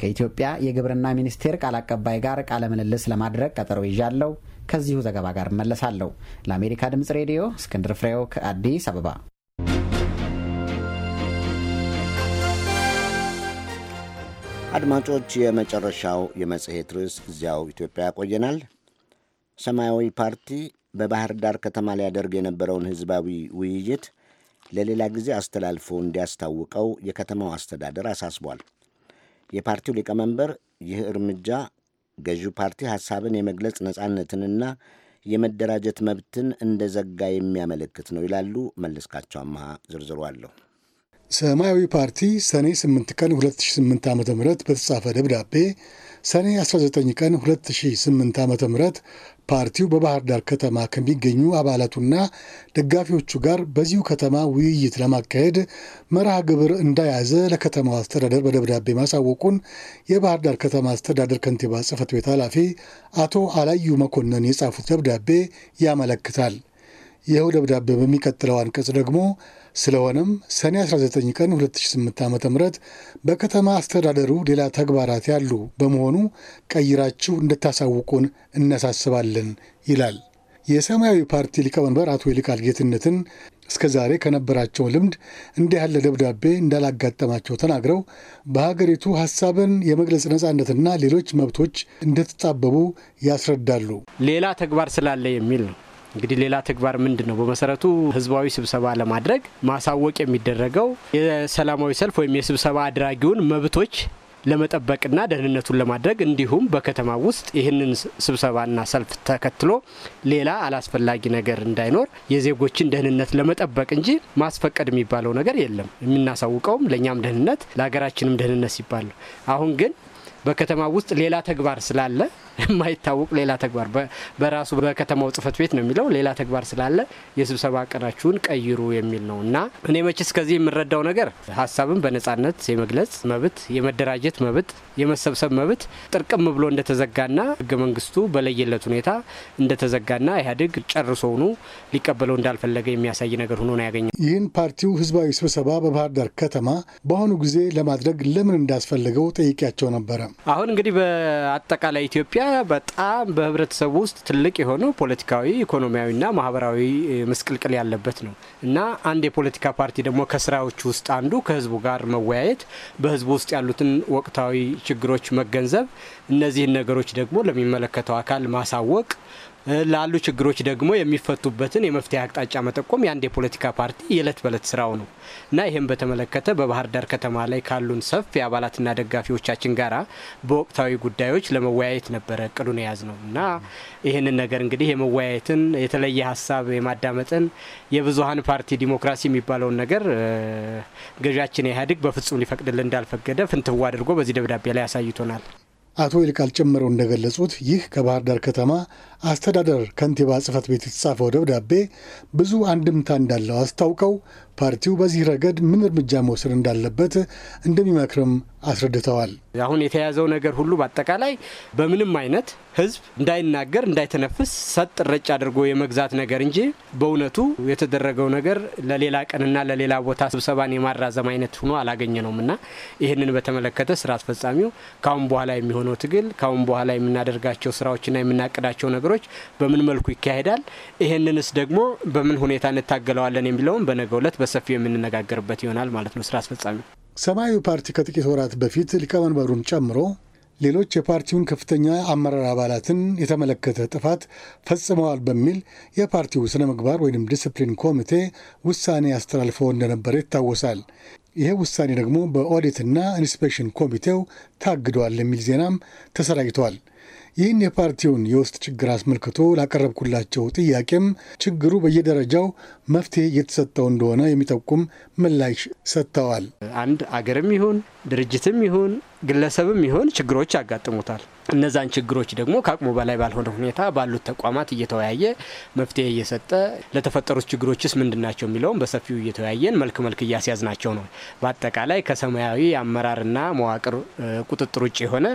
Speaker 10: ከኢትዮጵያ የግብርና ሚኒስቴር ቃል አቀባይ ጋር ቃለ ምልልስ ለማድረግ ቀጠሮ ይዣለሁ። ከዚሁ ዘገባ ጋር እመለሳለሁ። ለአሜሪካ ድምፅ ሬዲዮ እስክንድር ፍሬው ከአዲስ አበባ
Speaker 3: አድማጮች፣ የመጨረሻው የመጽሔት ርዕስ እዚያው ኢትዮጵያ ያቆየናል። ሰማያዊ ፓርቲ በባህር ዳር ከተማ ሊያደርግ የነበረውን ሕዝባዊ ውይይት ለሌላ ጊዜ አስተላልፎ እንዲያስታውቀው የከተማው አስተዳደር አሳስቧል። የፓርቲው ሊቀመንበር ይህ እርምጃ ገዢው ፓርቲ ሐሳብን የመግለጽ ነጻነትንና የመደራጀት መብትን እንደዘጋ የሚያመለክት ነው ይላሉ። መለስካቸው አመሃ ዝርዝሩ አለሁ።
Speaker 11: ሰማያዊ ፓርቲ ሰኔ 8 ቀን 2008 ዓ ም በተጻፈ ደብዳቤ ሰኔ 19 ቀን 2008 ዓ ም ፓርቲው በባህር ዳር ከተማ ከሚገኙ አባላቱና ደጋፊዎቹ ጋር በዚሁ ከተማ ውይይት ለማካሄድ መርሃ ግብር እንደያዘ ለከተማው አስተዳደር በደብዳቤ ማሳወቁን የባህር ዳር ከተማ አስተዳደር ከንቲባ ጽፈት ቤት ኃላፊ አቶ አላዩ መኮንን የጻፉት ደብዳቤ ያመለክታል። ይኸው ደብዳቤ በሚቀጥለው አንቀጽ ደግሞ ስለሆነም ሰኔ 19 ቀን 2008 ዓ ም በከተማ አስተዳደሩ ሌላ ተግባራት ያሉ በመሆኑ ቀይራችሁ እንድታሳውቁን እናሳስባለን ይላል። የሰማያዊ ፓርቲ ሊቀመንበር አቶ ይልቃል ጌትነትን እስከ ዛሬ ከነበራቸው ልምድ እንዲህ ያለ ደብዳቤ እንዳላጋጠማቸው ተናግረው በሀገሪቱ ሀሳብን የመግለጽ ነጻነትና ሌሎች መብቶች እንደተጣበቡ ያስረዳሉ።
Speaker 12: ሌላ ተግባር ስላለ የሚል ነው እንግዲህ ሌላ ተግባር ምንድን ነው? በመሰረቱ ህዝባዊ ስብሰባ ለማድረግ ማሳወቅ የሚደረገው የሰላማዊ ሰልፍ ወይም የስብሰባ አድራጊውን መብቶች ለመጠበቅና ደህንነቱን ለማድረግ እንዲሁም በከተማ ውስጥ ይህንን ስብሰባና ሰልፍ ተከትሎ ሌላ አላስፈላጊ ነገር እንዳይኖር የዜጎችን ደህንነት ለመጠበቅ እንጂ ማስፈቀድ የሚባለው ነገር የለም። የምናሳውቀውም ለእኛም ደህንነት ለሀገራችንም ደህንነት ሲባል ነው። አሁን ግን በከተማ ውስጥ ሌላ ተግባር ስላለ የማይታወቅ ሌላ ተግባር በራሱ በከተማው ጽህፈት ቤት ነው የሚለው ሌላ ተግባር ስላለ የስብሰባ ቀናችሁን ቀይሩ የሚል ነው እና እኔ መች ከዚህ የምረዳው ነገር ሀሳብን በነጻነት የመግለጽ መብት፣ የመደራጀት መብት፣ የመሰብሰብ መብት ጥርቅም ብሎ እንደተዘጋና ህገ መንግስቱ በለየለት ሁኔታ እንደተዘጋና ኢህአዴግ ጨርሶውኑ ሊቀበለው እንዳልፈለገ የሚያሳይ ነገር ሆኖ ነው ያገኘ። ይህን
Speaker 11: ፓርቲው ህዝባዊ ስብሰባ በባህር ዳር ከተማ በአሁኑ ጊዜ ለማድረግ ለምን እንዳስፈለገው ጠይቄያቸው ነበረ።
Speaker 12: አሁን እንግዲህ በአጠቃላይ ኢትዮጵያ በጣም በህብረተሰቡ ውስጥ ትልቅ የሆነ ፖለቲካዊ፣ ኢኮኖሚያዊና ማህበራዊ ምስቅልቅል ያለበት ነው እና አንድ የፖለቲካ ፓርቲ ደግሞ ከስራዎች ውስጥ አንዱ ከህዝቡ ጋር መወያየት፣ በህዝቡ ውስጥ ያሉትን ወቅታዊ ችግሮች መገንዘብ፣ እነዚህን ነገሮች ደግሞ ለሚመለከተው አካል ማሳወቅ ላሉ ችግሮች ደግሞ የሚፈቱበትን የመፍትሄ አቅጣጫ መጠቆም የአንድ የፖለቲካ ፓርቲ የዕለት በዕለት ስራው ነው እና ይህም በተመለከተ በባህር ዳር ከተማ ላይ ካሉን ሰፊ የአባላትና ደጋፊዎቻችን ጋራ በወቅታዊ ጉዳዮች ለመወያየት ነበረ እቅዱን የያዝ ነው እና ይህንን ነገር እንግዲህ የመወያየትን የተለየ ሀሳብ የማዳመጥን የብዙሀን ፓርቲ ዲሞክራሲ የሚባለውን ነገር ገዣችን ኢህአዴግ በፍጹም ሊፈቅድልን እንዳልፈቀደ ፍንትዋ አድርጎ በዚህ ደብዳቤ ላይ አሳይቶናል።
Speaker 11: አቶ ይልቃል ጨምረው እንደገለጹት ይህ ከባህር ዳር ከተማ አስተዳደር ከንቲባ ጽህፈት ቤት የተጻፈው ደብዳቤ ብዙ አንድምታ እንዳለው አስታውቀው ፓርቲው በዚህ ረገድ ምን እርምጃ መውሰድ እንዳለበት እንደሚመክርም አስረድተዋል።
Speaker 12: አሁን የተያዘው ነገር ሁሉ በአጠቃላይ በምንም አይነት ህዝብ እንዳይናገር፣ እንዳይተነፍስ ሰጥ ረጭ አድርጎ የመግዛት ነገር እንጂ በእውነቱ የተደረገው ነገር ለሌላ ቀንና ለሌላ ቦታ ስብሰባን የማራዘም አይነት ሆኖ አላገኘ ነውም እና ይህንን በተመለከተ ስራ አስፈጻሚው ካሁን በኋላ የሚሆነው ትግል ካሁን በኋላ የምናደርጋቸው ስራዎችና የምናቅዳቸው ነገሮች ነገሮች በምን መልኩ ይካሄዳል፣ ይህንንስ ደግሞ በምን ሁኔታ እንታገለዋለን የሚለውን በነገ ዕለት በሰፊው የምንነጋገርበት ይሆናል ማለት ነው። ስራ አስፈጻሚ
Speaker 11: ሰማያዊ ፓርቲ ከጥቂት ወራት በፊት ሊቀመንበሩን ጨምሮ ሌሎች የፓርቲውን ከፍተኛ አመራር አባላትን የተመለከተ ጥፋት ፈጽመዋል በሚል የፓርቲው ስነ ምግባር ወይም ዲስፕሊን ኮሚቴ ውሳኔ አስተላልፎ እንደነበረ ይታወሳል። ይሄ ውሳኔ ደግሞ በኦዲትና ኢንስፔክሽን ኮሚቴው ታግዷል የሚል ዜናም ተሰራጅቷል። ይህን የፓርቲውን የውስጥ ችግር አስመልክቶ ላቀረብኩላቸው ጥያቄም ችግሩ በየደረጃው መፍትሄ እየተሰጠው እንደሆነ የሚጠቁም ምላሽ ሰጥተዋል።
Speaker 12: አንድ አገርም ይሁን ድርጅትም ይሁን ግለሰብም ይሁን ችግሮች ያጋጥሙታል። እነዛን ችግሮች ደግሞ ከአቅሙ በላይ ባልሆነ ሁኔታ ባሉት ተቋማት እየተወያየ መፍትሄ እየሰጠ ለተፈጠሩት ችግሮችስ ምንድን ናቸው የሚለውም በሰፊው እየተወያየን መልክ መልክ እያስያዝናቸው ነው። በአጠቃላይ ከሰማያዊ አመራርና መዋቅር ቁጥጥር ውጭ የሆነ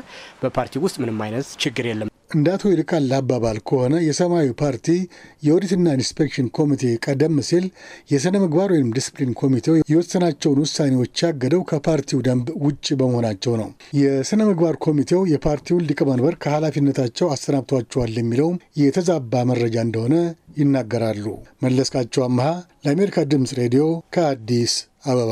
Speaker 12: በፓርቲ ውስጥ ምንም አይነት ችግር የለም።
Speaker 11: እንደ አቶ ይልቃል አባባል ከሆነ የሰማያዊ ፓርቲ የኦዲትና ኢንስፔክሽን ኮሚቴ ቀደም ሲል የሥነ ምግባር ወይም ዲስፕሊን ኮሚቴው የወሰናቸውን ውሳኔዎች ያገደው ከፓርቲው ደንብ ውጭ በመሆናቸው ነው። የሥነ ምግባር ኮሚቴው የፓርቲውን ሊቀመንበር ከኃላፊነታቸው አሰናብቷቸዋል የሚለውም የተዛባ መረጃ እንደሆነ ይናገራሉ። መለስካቸው አመሃ ለአሜሪካ ድምፅ ሬዲዮ ከአዲስ አበባ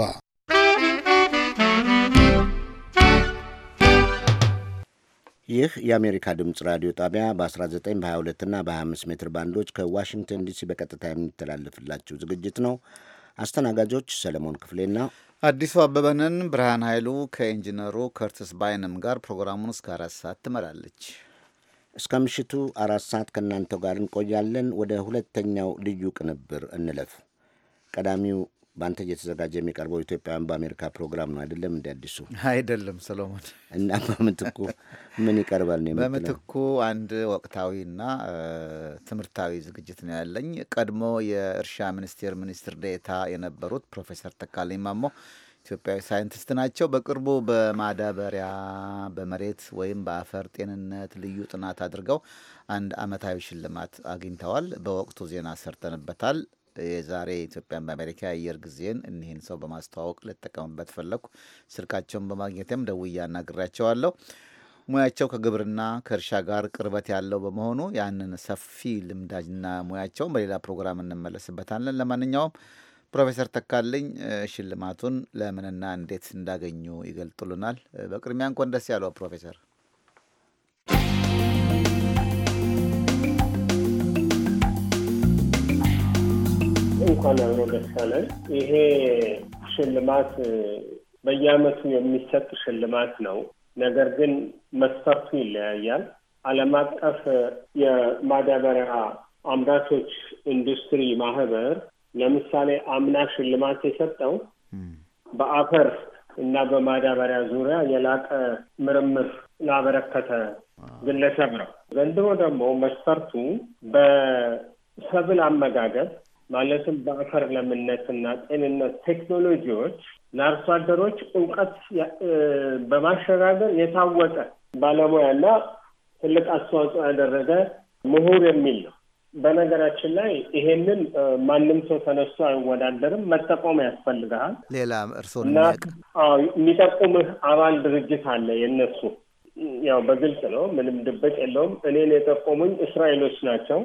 Speaker 3: ይህ የአሜሪካ ድምፅ ራዲዮ ጣቢያ በ19 በ22 እና በ25 ሜትር ባንዶች ከዋሽንግተን ዲሲ በቀጥታ የሚተላለፍላችሁ ዝግጅት ነው። አስተናጋጆች ሰለሞን ክፍሌና አዲሱ አበበንን። ብርሃን ኃይሉ ከኢንጂነሩ ከርትስ ባይንም
Speaker 2: ጋር ፕሮግራሙን እስከ አራት ሰዓት ትመራለች።
Speaker 3: እስከ ምሽቱ አራት ሰዓት ከእናንተው ጋር እንቆያለን። ወደ ሁለተኛው ልዩ ቅንብር እንለፍ። ቀዳሚው በአንተ እየተዘጋጀ የሚቀርበው ኢትዮጵያውያን በአሜሪካ ፕሮግራም ነው አይደለም? እንዲ አዲሱ
Speaker 2: አይደለም ሰሎሞን።
Speaker 3: እና በምትኩ ምን ይቀርባል ነው? በምትኩ
Speaker 2: አንድ ወቅታዊና ትምህርታዊ ዝግጅት ነው ያለኝ። ቀድሞ የእርሻ ሚኒስቴር ሚኒስትር ዴታ የነበሩት ፕሮፌሰር ተካልኝ ማሞ ኢትዮጵያዊ ሳይንቲስት ናቸው። በቅርቡ በማዳበሪያ በመሬት ወይም በአፈር ጤንነት ልዩ ጥናት አድርገው አንድ ዓመታዊ ሽልማት አግኝተዋል። በወቅቱ ዜና ሰርተንበታል። የዛሬ ኢትዮጵያን በአሜሪካ የአየር ጊዜን እኒህን ሰው በማስተዋወቅ ልጠቀምበት ፈለግኩ። ስልካቸውን በማግኘትም ደውዬ አናግራቸዋለሁ። ሙያቸው ከግብርና ከእርሻ ጋር ቅርበት ያለው በመሆኑ ያንን ሰፊ ልምዳጅና ሙያቸውን በሌላ ፕሮግራም እንመለስበታለን። ለማንኛውም ፕሮፌሰር ተካልኝ ሽልማቱን ለምንና እንዴት እንዳገኙ ይገልጡልናል። በቅድሚያ እንኳን ደስ ያለው ፕሮፌሰር
Speaker 8: እንኳን አብሮ ደስ አለን። ይሄ ሽልማት በየአመቱ የሚሰጥ ሽልማት ነው። ነገር ግን መስፈርቱ ይለያያል። ዓለም አቀፍ የማዳበሪያ አምራቾች ኢንዱስትሪ ማህበር ለምሳሌ አምና ሽልማት የሰጠው በአፈር እና በማዳበሪያ ዙሪያ የላቀ ምርምር ላበረከተ ግለሰብ ነው። ዘንድሮ ደግሞ መስፈርቱ በሰብል አመጋገብ ማለትም በአፈር ለምነትና ጤንነት ቴክኖሎጂዎች ለአርሶ አደሮች እውቀት በማሸጋገር የታወቀ ባለሙያና ትልቅ አስተዋጽኦ ያደረገ ምሁር የሚል ነው። በነገራችን ላይ ይሄንን ማንም ሰው ተነስቶ አይወዳደርም። መጠቆም ያስፈልግሃል።
Speaker 2: ሌላ እርስዎ
Speaker 8: የሚጠቁምህ አባል ድርጅት አለ የነሱ ያው በግልጽ ነው፣ ምንም ድብቅ የለውም። እኔን የጠቆሙኝ እስራኤሎች ናቸው።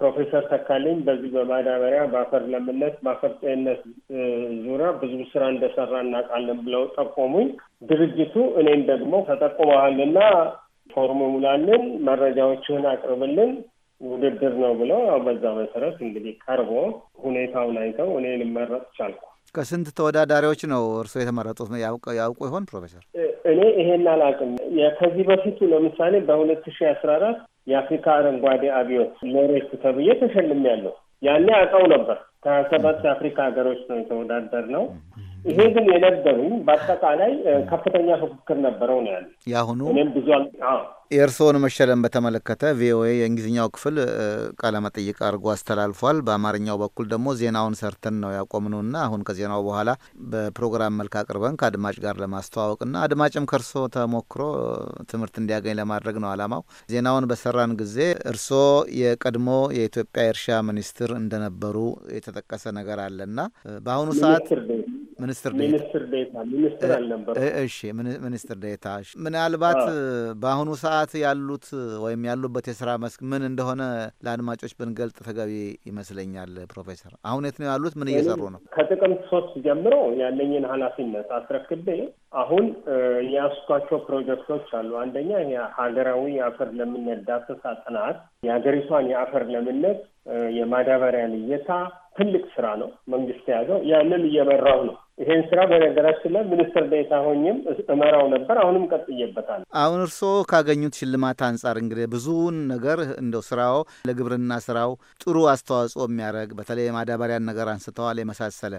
Speaker 8: ፕሮፌሰር ተካልኝ በዚህ በማዳበሪያ በአፈር ለምነት በአፈር ጤንነት ዙሪያ ብዙ ስራ እንደሰራ እናውቃለን ብለው ጠቆሙኝ። ድርጅቱ እኔም ደግሞ ተጠቁመሃልና ፎርሙ ሙላልን፣ መረጃዎችህን አቅርብልን ውድድር ነው ብለው ያው በዛ መሰረት እንግዲህ ቀርቦ ሁኔታውን አይተው እኔ ልመረጥ ቻልኩ።
Speaker 2: ከስንት ተወዳዳሪዎች ነው እርስዎ የተመረጡት? ያውቁ ይሆን ፕሮፌሰር?
Speaker 8: እኔ ይሄን አላውቅም። ከዚህ በፊቱ ለምሳሌ በሁለት ሺ አስራ አራት የአፍሪካ አረንጓዴ አብዮት ሎሬት ተብዬ ተሸልሜያለሁ። ያኔ አውቀው ነበር። ከሰባት የአፍሪካ ሀገሮች ነው የተወዳደር ነው ይሄ ግን የነበሩኝ በአጠቃላይ ከፍተኛ ፉክክር ነበረው ነው ያለ የአሁኑ እኔም ብዙ
Speaker 2: የእርስዎን መሸለም በተመለከተ ቪኦኤ የእንግሊዝኛው ክፍል ቃለመጠይቅ አድርጎ አስተላልፏል። በአማርኛው በኩል ደግሞ ዜናውን ሰርተን ነው ያቆምነውና አሁን ከዜናው በኋላ በፕሮግራም መልክ አቅርበን ከአድማጭ ጋር ለማስተዋወቅና አድማጭም ከእርሶ ተሞክሮ ትምህርት እንዲያገኝ ለማድረግ ነው አላማው። ዜናውን በሰራን ጊዜ እርሶ የቀድሞ የኢትዮጵያ የእርሻ ሚኒስትር እንደነበሩ የተጠቀሰ ነገር አለና በአሁኑ ሰዓት ሚኒስትር ሚኒስትር እሺ ሚኒስትር ዴታ ምናልባት በአሁኑ ሰዓት ያሉት ወይም ያሉበት የስራ መስክ ምን እንደሆነ ለአድማጮች ብንገልጥ ተገቢ ይመስለኛል። ፕሮፌሰር አሁን የት ነው ያሉት? ምን እየሰሩ ነው?
Speaker 8: ከጥቅምት ሶስት ጀምሮ ያለኝን ኃላፊነት አስረክቤ አሁን የያስኳቸው ፕሮጀክቶች አሉ። አንደኛ ሀገራዊ የአፈር ለምነት ዳሰሳ ጥናት የሀገሪቷን የአፈር ለምነት የማዳበሪያ ልየታ ትልቅ ስራ ነው መንግስት የያዘው። ያንን እየመራው ነው። ይሄን ስራ በነገራችን ላይ ሚኒስትር ዴኤታ ሆኜም እመራው ነበር። አሁንም ቀጥዬበታል።
Speaker 2: አሁን እርስዎ ካገኙት ሽልማት አንጻር እንግዲህ ብዙውን ነገር እንደው ስራው ለግብርና ስራው ጥሩ አስተዋጽኦ የሚያደርግ በተለይ የማዳበሪያን ነገር አንስተዋል የመሳሰለ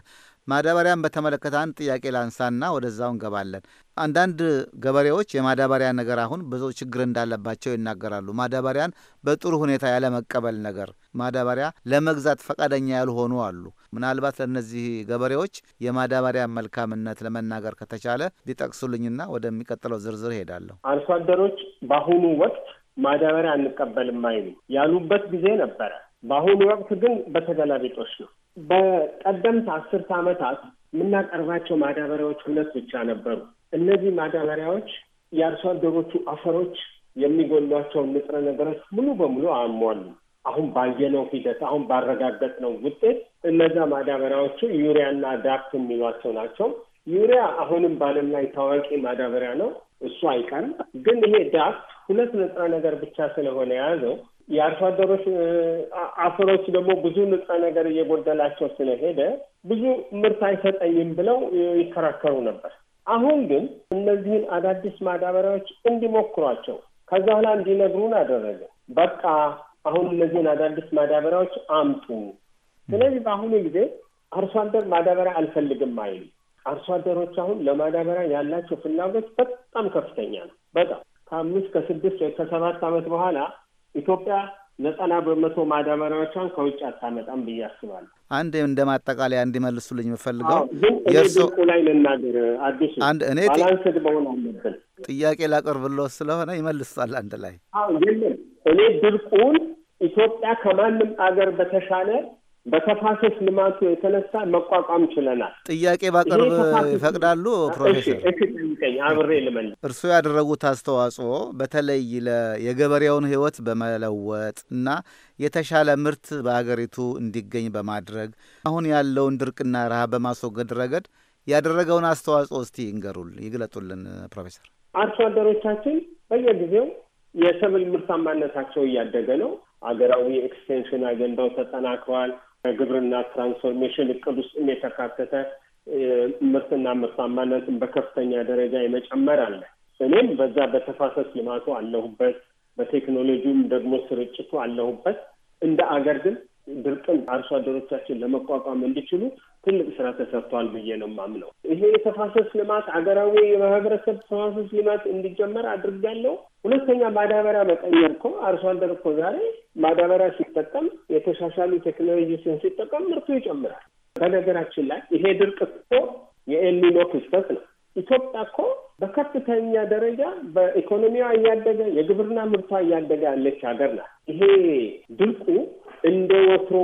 Speaker 2: ማዳበሪያን በተመለከተ አንድ ጥያቄ ላንሳና ወደዛው እንገባለን። አንዳንድ ገበሬዎች የማዳበሪያ ነገር አሁን ብዙ ችግር እንዳለባቸው ይናገራሉ። ማዳበሪያን በጥሩ ሁኔታ ያለመቀበል ነገር፣ ማዳበሪያ ለመግዛት ፈቃደኛ ያልሆኑ አሉ። ምናልባት ለእነዚህ ገበሬዎች የማዳበሪያ መልካምነት ለመናገር ከተቻለ ሊጠቅሱልኝና ወደሚቀጥለው ዝርዝር ሄዳለሁ።
Speaker 8: አርሶ አደሮች በአሁኑ ወቅት ማዳበሪያ አንቀበልም አይሉ ያሉበት ጊዜ ነበረ። በአሁኑ ወቅት ግን በተገላቢጦሽ ነው። በቀደምት አስርት ዓመታት የምናቀርባቸው ማዳበሪያዎች ሁለት ብቻ ነበሩ። እነዚህ ማዳበሪያዎች የአርሶ አደሮቹ አፈሮች የሚጎሏቸውን ንጥረ ነገሮች ሙሉ በሙሉ አሟሉ አሁን ባየነው ሂደት አሁን ባረጋገጥነው ውጤት እነዛ ማዳበሪያዎቹ ዩሪያና ዳፕ የሚሏቸው ናቸው። ዩሪያ አሁንም በዓለም ላይ ታዋቂ ማዳበሪያ ነው። እሱ አይቀርም። ግን ይሄ ዳፕ ሁለት ንጥረ ነገር ብቻ ስለሆነ የያዘው የአርሶ አደሮች አፈሮች ደግሞ ብዙ ንጥረ ነገር እየጎደላቸው ስለሄደ ብዙ ምርት አይሰጠኝም ብለው ይከራከሩ ነበር። አሁን ግን እነዚህን አዳዲስ ማዳበሪያዎች እንዲሞክሯቸው ከዛ በኋላ እንዲነግሩን አደረገ። በቃ አሁን እነዚህን አዳዲስ ማዳበሪያዎች አምጡ። ስለዚህ በአሁኑ ጊዜ አርሶ አደር ማዳበሪያ አልፈልግም አይል። አርሶ አደሮች አሁን ለማዳበሪያ ያላቸው ፍላጎት በጣም ከፍተኛ ነው። በጣም ከአምስት ከስድስት ከሰባት ዓመት በኋላ ኢትዮጵያ ዘጠና በመቶ ማዳበሪያዎቿን ከውጭ አታመጣም ብዬ አስባለሁ።
Speaker 2: አንድ እንደ ማጠቃለያ እንዲመልሱልኝ የምፈልገው ድርቁ
Speaker 8: ላይ ልናገር። አዲሱ እኔ ባላንስድ መሆን አለብን። ጥያቄ
Speaker 2: ላቀርብሎ ስለሆነ ይመልሳል አንድ ላይ
Speaker 8: የለም። እኔ ድርቁን ኢትዮጵያ ከማንም አገር በተሻለ በተፋሰስ ልማቱ የተነሳ መቋቋም ችለናል።
Speaker 2: ጥያቄ ባቀርብ ይፈቅዳሉ? ፕሮፌሰር
Speaker 8: አብሬ ልመል
Speaker 2: እርስዎ ያደረጉት አስተዋጽኦ በተለይ የገበሬውን ሕይወት በመለወጥ እና የተሻለ ምርት በሀገሪቱ እንዲገኝ በማድረግ አሁን ያለውን ድርቅና ረሃብ በማስወገድ ረገድ ያደረገውን አስተዋጽኦ እስቲ ይንገሩል፣ ይግለጡልን ፕሮፌሰር።
Speaker 8: አርሶ አደሮቻችን በየጊዜው የሰብል ምርታማነታቸው እያደገ ነው። አገራዊ ኤክስቴንሽን አጀንዳው ተጠናክሯል። ግብርና ትራንስፎርሜሽን እቅድ ውስጥም የተካተተ ምርትና ምርታማነትን በከፍተኛ ደረጃ የመጨመር አለ። እኔም በዛ በተፋሰስ ልማቱ አለሁበት፣ በቴክኖሎጂውም ደግሞ ስርጭቱ አለሁበት። እንደ አገር ግን ድርቅን አርሶ አደሮቻችን ለመቋቋም እንዲችሉ ትልቅ ስራ ተሰርቷል ብዬ ነው የማምነው። ይሄ የተፋሰስ ልማት አገራዊ የማህበረሰብ ተፋሰስ ልማት እንዲጀመር አድርጋለሁ። ሁለተኛ ማዳበሪያ መቀየር እኮ አርሶ አደር እኮ ዛሬ ማዳበሪያ ሲጠቀም የተሻሻሉ ቴክኖሎጂስን ሲጠቀም ምርቱ ይጨምራል። በነገራችን ላይ ይሄ ድርቅ እኮ የኤልኒኖ ክስተት ነው። ኢትዮጵያ እኮ በከፍተኛ ደረጃ በኢኮኖሚዋ እያደገ የግብርና ምርቷ እያደገ ያለች ሀገር ናት። ይሄ ድርቁ እንደ ወትሮ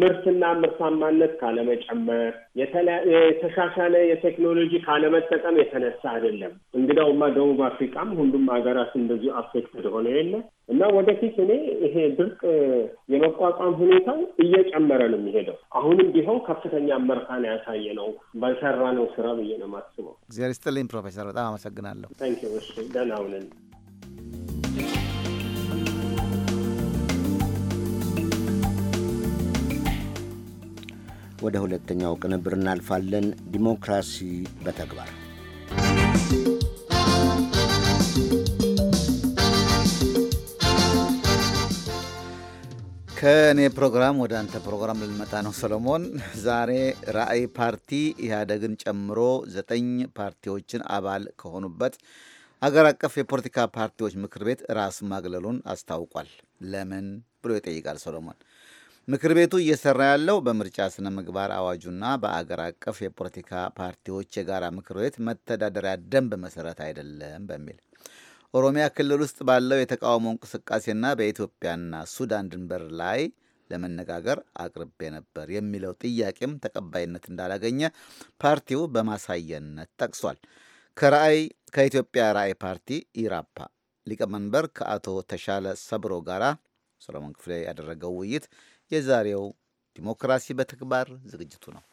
Speaker 8: ምርትና ምርታማነት ካለመጨመር የተሻሻለ የቴክኖሎጂ ካለመጠቀም የተነሳ አይደለም። እንግዳውማ ደቡብ አፍሪካም ሁሉም ሀገራት እንደዚሁ አፌክትድ ሆነ የለ እና ወደፊት እኔ ይሄ ድርቅ የመቋቋም ሁኔታው እየጨመረ ነው የሚሄደው። አሁንም ቢሆን ከፍተኛ መርካን ያሳየ ነው በሰራ ነው ስራ ብዬ ነው የማስበው።
Speaker 2: እግዚአብሔር ይስጥልኝ ፕሮፌሰር በጣም አመሰግናለሁ።
Speaker 8: ደህና ሁነን።
Speaker 3: ወደ ሁለተኛው ቅንብር እናልፋለን። ዲሞክራሲ በተግባር
Speaker 2: ከእኔ ፕሮግራም ወደ አንተ ፕሮግራም ልንመጣ ነው ሰሎሞን። ዛሬ ራዕይ ፓርቲ ኢህአደግን ጨምሮ ዘጠኝ ፓርቲዎችን አባል ከሆኑበት አገር አቀፍ የፖለቲካ ፓርቲዎች ምክር ቤት ራስ ማግለሉን አስታውቋል። ለምን ብሎ ይጠይቃል ሰሎሞን። ምክር ቤቱ እየሰራ ያለው በምርጫ ስነ ምግባር አዋጁና በአገር አቀፍ የፖለቲካ ፓርቲዎች የጋራ ምክር ቤት መተዳደሪያ ደንብ መሰረት አይደለም በሚል ኦሮሚያ ክልል ውስጥ ባለው የተቃውሞ እንቅስቃሴና በኢትዮጵያና ሱዳን ድንበር ላይ ለመነጋገር አቅርቤ ነበር የሚለው ጥያቄም ተቀባይነት እንዳላገኘ ፓርቲው በማሳየነት ጠቅሷል። ከራእይ ከኢትዮጵያ ራዕይ ፓርቲ ኢራፓ ሊቀመንበር ከአቶ ተሻለ ሰብሮ ጋር ሰሎሞን ክፍሌ ያደረገው ውይይት የዛሬው ዲሞክራሲ በተግባር ዝግጅቱ ነው።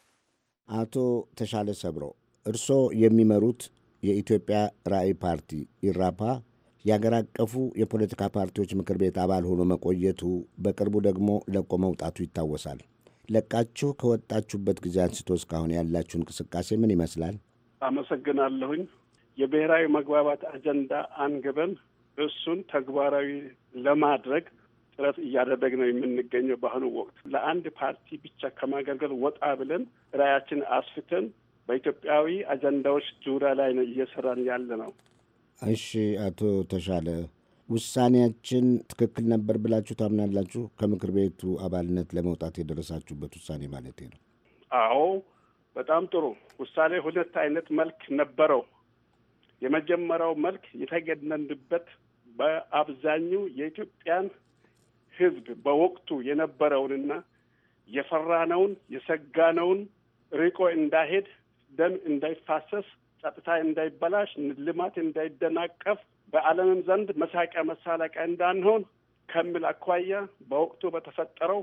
Speaker 3: አቶ ተሻለ ሰብሮ እርስዎ የሚመሩት የኢትዮጵያ ራዕይ ፓርቲ ኢራፓ የአገር አቀፉ የፖለቲካ ፓርቲዎች ምክር ቤት አባል ሆኖ መቆየቱ፣ በቅርቡ ደግሞ ለቆ መውጣቱ ይታወሳል። ለቃችሁ ከወጣችሁበት ጊዜ አንስቶ እስካሁን ያላችሁ እንቅስቃሴ ምን ይመስላል?
Speaker 4: አመሰግናለሁኝ። የብሔራዊ መግባባት አጀንዳ አንግበን እሱን ተግባራዊ ለማድረግ ጥረት እያደረግ ነው የምንገኘው። በአሁኑ ወቅት ለአንድ ፓርቲ ብቻ ከማገልገል ወጣ ብለን ራዕያችን አስፍተን በኢትዮጵያዊ አጀንዳዎች ዙሪያ ላይ ነው እየሰራን ያለ ነው።
Speaker 3: እሺ አቶ ተሻለ ውሳኔያችን ትክክል ነበር ብላችሁ ታምናላችሁ? ከምክር ቤቱ አባልነት ለመውጣት የደረሳችሁበት ውሳኔ ማለት ነው።
Speaker 4: አዎ በጣም ጥሩ ውሳኔ። ሁለት አይነት መልክ ነበረው። የመጀመሪያው መልክ የተገነንበት በአብዛኛው የኢትዮጵያን ሕዝብ በወቅቱ የነበረውንና የፈራነውን የሰጋነውን ርቆ እንዳይሄድ ደም እንዳይፋሰስ ጸጥታ እንዳይበላሽ፣ ልማት እንዳይደናቀፍ፣ በዓለምም ዘንድ መሳቂያ መሳለቂያ እንዳንሆን ከሚል አኳያ በወቅቱ በተፈጠረው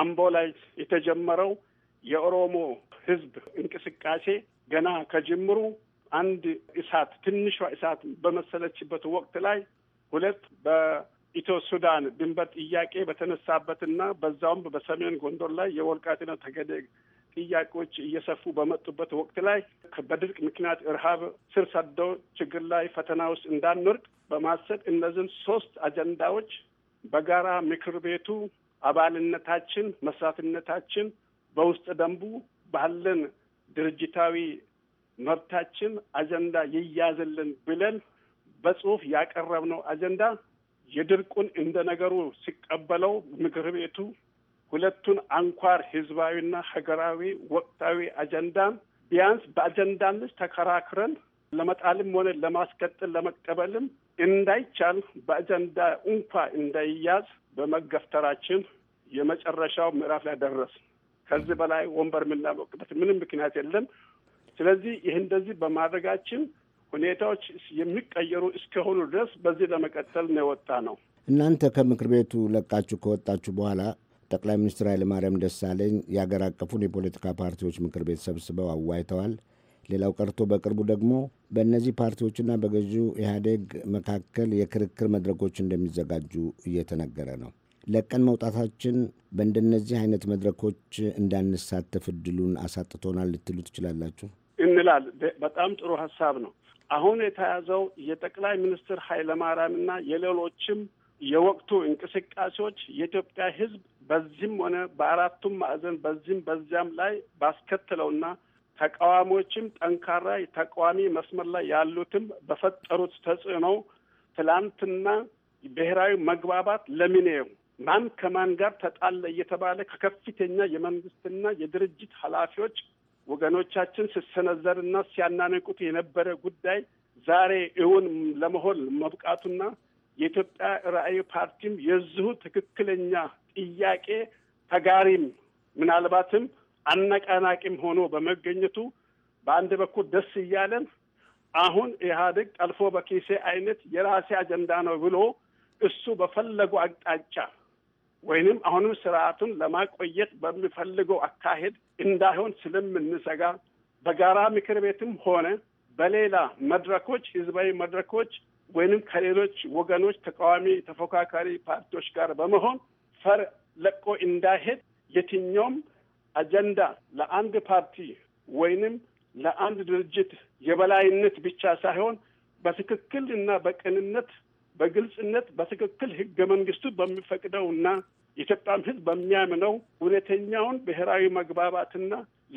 Speaker 4: አምቦ ላይ የተጀመረው የኦሮሞ ሕዝብ እንቅስቃሴ ገና ከጅምሩ አንድ እሳት ትንሿ እሳት በመሰለችበት ወቅት ላይ ሁለት በኢትዮ ሱዳን ድንበር ጥያቄ በተነሳበትና በዛውም በሰሜን ጎንደር ላይ የወልቃይትና ጠገዴ ጥያቄዎች እየሰፉ በመጡበት ወቅት ላይ በድርቅ ምክንያት እርሃብ ስር ሰደው ችግር ላይ ፈተና ውስጥ እንዳንወርቅ በማሰብ እነዚህን ሶስት አጀንዳዎች በጋራ ምክር ቤቱ አባልነታችን፣ መስራትነታችን በውስጥ ደንቡ ባለን ድርጅታዊ መብታችን አጀንዳ ይያዝልን ብለን በጽሁፍ ያቀረብነው አጀንዳ የድርቁን እንደ ነገሩ ሲቀበለው ምክር ቤቱ ሁለቱን አንኳር ህዝባዊና ሀገራዊ ወቅታዊ አጀንዳን ቢያንስ በአጀንዳ ልጅ ተከራክረን ለመጣልም ሆነ ለማስቀጥል ለመቀበልም እንዳይቻል በአጀንዳ እንኳ እንዳይያዝ በመገፍተራችን የመጨረሻው ምዕራፍ ላይ ደረስ። ከዚህ በላይ ወንበር የምናበቅበት ምንም ምክንያት የለም። ስለዚህ ይህ እንደዚህ በማድረጋችን ሁኔታዎች የሚቀየሩ እስከሆኑ ድረስ በዚህ ለመቀጠል ነው የወጣ ነው።
Speaker 3: እናንተ ከምክር ቤቱ ለቃችሁ ከወጣችሁ በኋላ ጠቅላይ ሚኒስትር ኃይለማርያም ደሳለኝ የአገር አቀፉን የፖለቲካ ፓርቲዎች ምክር ቤት ሰብስበው አዋይተዋል። ሌላው ቀርቶ በቅርቡ ደግሞ በእነዚህ ፓርቲዎችና በገዢው ኢህአዴግ መካከል የክርክር መድረኮች እንደሚዘጋጁ እየተነገረ ነው። ለቀን መውጣታችን በእንደነዚህ አይነት መድረኮች እንዳንሳተፍ እድሉን አሳጥቶናል ልትሉ
Speaker 4: ትችላላችሁ እንላል። በጣም ጥሩ ሀሳብ ነው። አሁን የተያዘው የጠቅላይ ሚኒስትር ኃይለማርያምና የሌሎችም የወቅቱ እንቅስቃሴዎች የኢትዮጵያ ሕዝብ በዚህም ሆነ በአራቱም ማዕዘን በዚህም በዚያም ላይ ባስከትለውና ተቃዋሚዎችም ጠንካራ ተቃዋሚ መስመር ላይ ያሉትም በፈጠሩት ተጽዕኖ ትላንትና ብሔራዊ መግባባት ለሚኔው ማን ከማን ጋር ተጣለ እየተባለ ከከፍተኛ የመንግስትና የድርጅት ኃላፊዎች ወገኖቻችን ሲሰነዘርና ሲያናነቁት የነበረ ጉዳይ ዛሬ እውን ለመሆን መብቃቱና የኢትዮጵያ ራዕይ ፓርቲም የዚሁ ትክክለኛ ጥያቄ ተጋሪም ምናልባትም አነቃናቂም ሆኖ በመገኘቱ በአንድ በኩል ደስ እያለን አሁን ኢህአዴግ ጠልፎ በኪሴ አይነት የራሴ አጀንዳ ነው ብሎ እሱ በፈለጉ አቅጣጫ ወይንም አሁንም ስርዓቱን ለማቆየት በሚፈልገው አካሄድ እንዳይሆን ስለምንሰጋ በጋራ ምክር ቤትም ሆነ በሌላ መድረኮች፣ ህዝባዊ መድረኮች ወይንም ከሌሎች ወገኖች ተቃዋሚ ተፎካካሪ ፓርቲዎች ጋር በመሆን ፈር ለቆ እንዳይሄድ የትኛውም አጀንዳ ለአንድ ፓርቲ ወይንም ለአንድ ድርጅት የበላይነት ብቻ ሳይሆን በትክክል እና በቅንነት በግልጽነት በትክክል ህገ መንግስቱ በሚፈቅደው እና የኢትዮጵያም ህዝብ በሚያምነው እውነተኛውን ብሔራዊ መግባባትና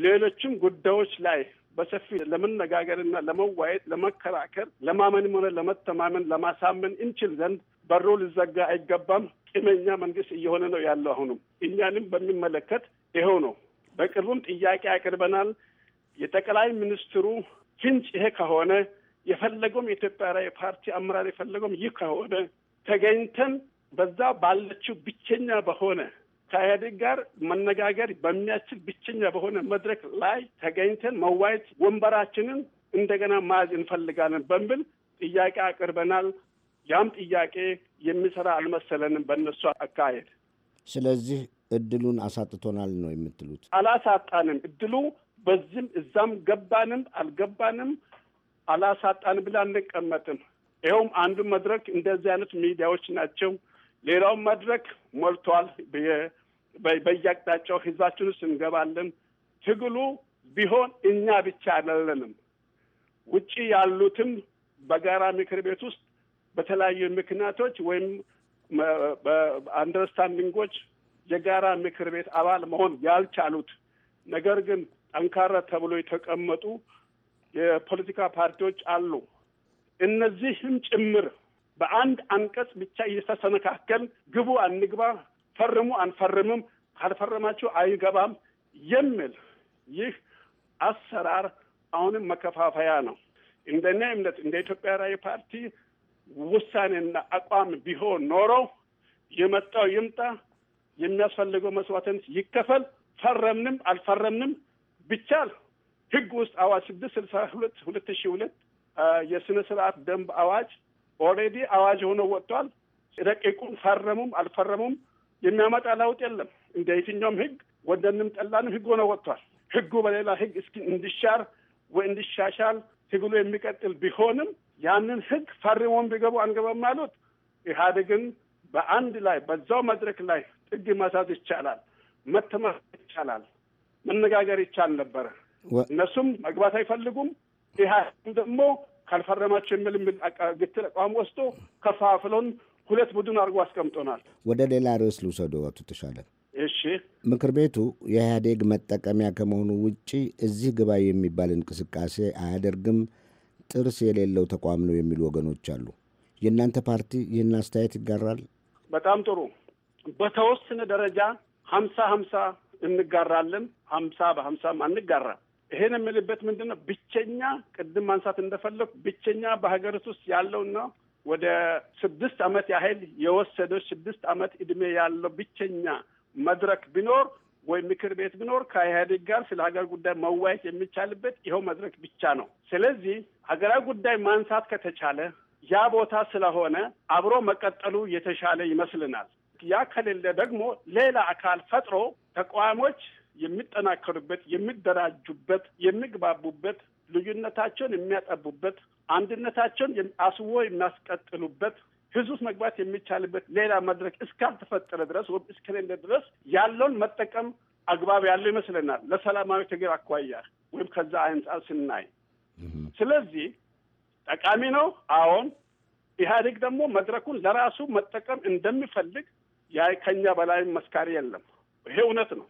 Speaker 4: ሌሎችም ጉዳዮች ላይ በሰፊ ለመነጋገርና ለመዋየት፣ ለመከራከር፣ ለማመንም ሆነ ለመተማመን፣ ለማሳመን እንችል ዘንድ በሮ ሊዘጋ አይገባም። ቂመኛ መንግስት እየሆነ ነው ያለው። አሁንም እኛንም በሚመለከት ይኸው ነው። በቅርቡም ጥያቄ አቅርበናል። የጠቅላይ ሚኒስትሩ ፍንጭ ይሄ ከሆነ የፈለገውም የኢትዮጵያ ራዕይ ፓርቲ አመራር የፈለገውም ይህ ከሆነ ተገኝተን በዛ ባለችው ብቸኛ በሆነ ከኢህአዴግ ጋር መነጋገር በሚያስችል ብቸኛ በሆነ መድረክ ላይ ተገኝተን መዋየት ወንበራችንን እንደገና ማያዝ እንፈልጋለን በሚል ጥያቄ አቅርበናል። ያም ጥያቄ የሚሰራ አልመሰለንም በእነሱ አካሄድ።
Speaker 3: ስለዚህ እድሉን አሳጥቶናል ነው የምትሉት?
Speaker 4: አላሳጣንም። እድሉ በዚህም እዛም ገባንም አልገባንም አላሳጣን ብለ አንቀመጥም። ይኸውም አንዱ መድረክ እንደዚህ አይነት ሚዲያዎች ናቸው። ሌላው መድረክ ሞልቷል። በየአቅጣጫው ህዝባችን ውስጥ እንገባለን። ትግሉ ቢሆን እኛ ብቻ አይደለንም። ውጭ ያሉትም በጋራ ምክር ቤት ውስጥ በተለያዩ ምክንያቶች ወይም አንደርስታንዲንጎች የጋራ ምክር ቤት አባል መሆን ያልቻሉት ነገር ግን ጠንካራ ተብሎ የተቀመጡ የፖለቲካ ፓርቲዎች አሉ። እነዚህም ጭምር በአንድ አንቀጽ ብቻ እየተሰነካከል ግቡ አንግባ ፈርሙ አንፈርምም፣ ካልፈረማችሁ አይገባም የሚል ይህ አሰራር አሁንም መከፋፈያ ነው። እንደኔ እምነት እንደ ኢትዮጵያ ራዕይ ፓርቲ ውሳኔና አቋም ቢሆን ኖሮ የመጣው ይምጣ፣ የሚያስፈልገው መስዋዕትነት ይከፈል፣ ፈረምንም አልፈረምንም ቢቻል ህግ ውስጥ አዋጅ ስድስት ስልሳ ሁለት ሁለት ሺ ሁለት የስነ ስርዓት ደንብ አዋጅ ኦልሬዲ አዋጅ ሆኖ ወጥቷል። ረቂቁን ፈረሙም አልፈረሙም የሚያመጣ ለውጥ የለም። እንደ የትኛውም ህግ ወደንም ጠላንም ህግ ሆነ ወጥቷል። ህጉ በሌላ ህግ እስኪ እንዲሻር ወይ እንዲሻሻል ትግሉ የሚቀጥል ቢሆንም ያንን ህግ ፈርሞን ቢገቡ አንገባም አሉት። ኢህአዴግን በአንድ ላይ በዛው መድረክ ላይ ጥግ መሳት ይቻላል፣ መተማመን ይቻላል፣ መነጋገር ይቻል ነበረ። እነሱም መግባት አይፈልጉም። ኢህአዴግም ደግሞ ካልፈረማቸው የሚል ግትል አቋም ወስዶ ከፋፍሎን ሁለት ቡድን አድርጎ አስቀምጦናል።
Speaker 3: ወደ ሌላ ርዕስ ልውሰዱ አቶ ተሻለ። እሺ፣ ምክር ቤቱ የኢህአዴግ መጠቀሚያ ከመሆኑ ውጪ እዚህ ግባ የሚባል እንቅስቃሴ አያደርግም፣ ጥርስ የሌለው ተቋም ነው የሚሉ ወገኖች አሉ። የእናንተ ፓርቲ ይህን አስተያየት ይጋራል?
Speaker 4: በጣም ጥሩ። በተወሰነ ደረጃ ሀምሳ ሀምሳ እንጋራለን፣ ሀምሳ በሀምሳም አንጋራ። ይሄን የምልበት ምንድን ነው? ብቸኛ ቅድም ማንሳት እንደፈለኩ ብቸኛ በሀገሪቱ ውስጥ ያለውና ወደ ስድስት ዓመት ያህል የወሰደ ስድስት ዓመት እድሜ ያለው ብቸኛ መድረክ ቢኖር ወይ ምክር ቤት ቢኖር ከኢህአዴግ ጋር ስለ ሀገር ጉዳይ መዋየት የሚቻልበት ይኸው መድረክ ብቻ ነው። ስለዚህ ሀገራዊ ጉዳይ ማንሳት ከተቻለ ያ ቦታ ስለሆነ አብሮ መቀጠሉ የተሻለ ይመስልናል። ያ ከሌለ ደግሞ ሌላ አካል ፈጥሮ ተቃዋሚዎች የሚጠናከሩበት፣ የሚደራጁበት፣ የሚግባቡበት፣ ልዩነታቸውን የሚያጠቡበት አንድነታቸውን አስቦ የሚያስቀጥሉበት ህዝብ መግባት የሚቻልበት ሌላ መድረክ እስካልተፈጠረ ድረስ ወይም እስከሌለ ድረስ ያለውን መጠቀም አግባብ ያለው ይመስለናል። ለሰላማዊ ትግል አኳያ ወይም ከዛ አንጻር ስናይ፣ ስለዚህ ጠቃሚ ነው። አዎን፣ ኢህአዴግ ደግሞ መድረኩን ለራሱ መጠቀም እንደሚፈልግ ከኛ በላይ መስካሪ የለም። ይሄ እውነት ነው።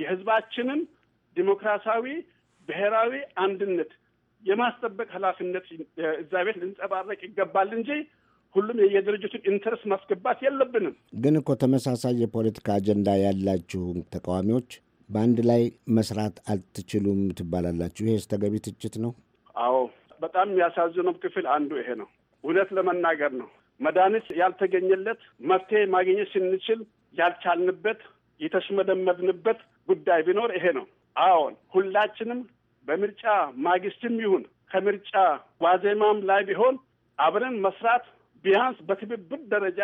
Speaker 4: የህዝባችንን ዲሞክራሲያዊ ብሔራዊ አንድነት የማስጠበቅ ኃላፊነት እዛ ቤት ልንጸባረቅ ይገባል እንጂ ሁሉም የየድርጅቱን ኢንተረስት ማስገባት የለብንም።
Speaker 3: ግን እኮ ተመሳሳይ የፖለቲካ አጀንዳ ያላችሁ ተቃዋሚዎች በአንድ ላይ መስራት አልትችሉም ትባላላችሁ። ይሄስ ተገቢ ትችት ነው?
Speaker 4: አዎ፣ በጣም ያሳዝነው ክፍል አንዱ ይሄ ነው። እውነት ለመናገር ነው መድኃኒት ያልተገኘለት መፍትሄ ማግኘት ስንችል ያልቻልንበት የተሽመደመድንበት ጉዳይ ቢኖር ይሄ ነው። አዎን ሁላችንም በምርጫ ማግስትም ይሁን ከምርጫ ዋዜማም ላይ ቢሆን አብረን መስራት ቢያንስ በትብብር ደረጃ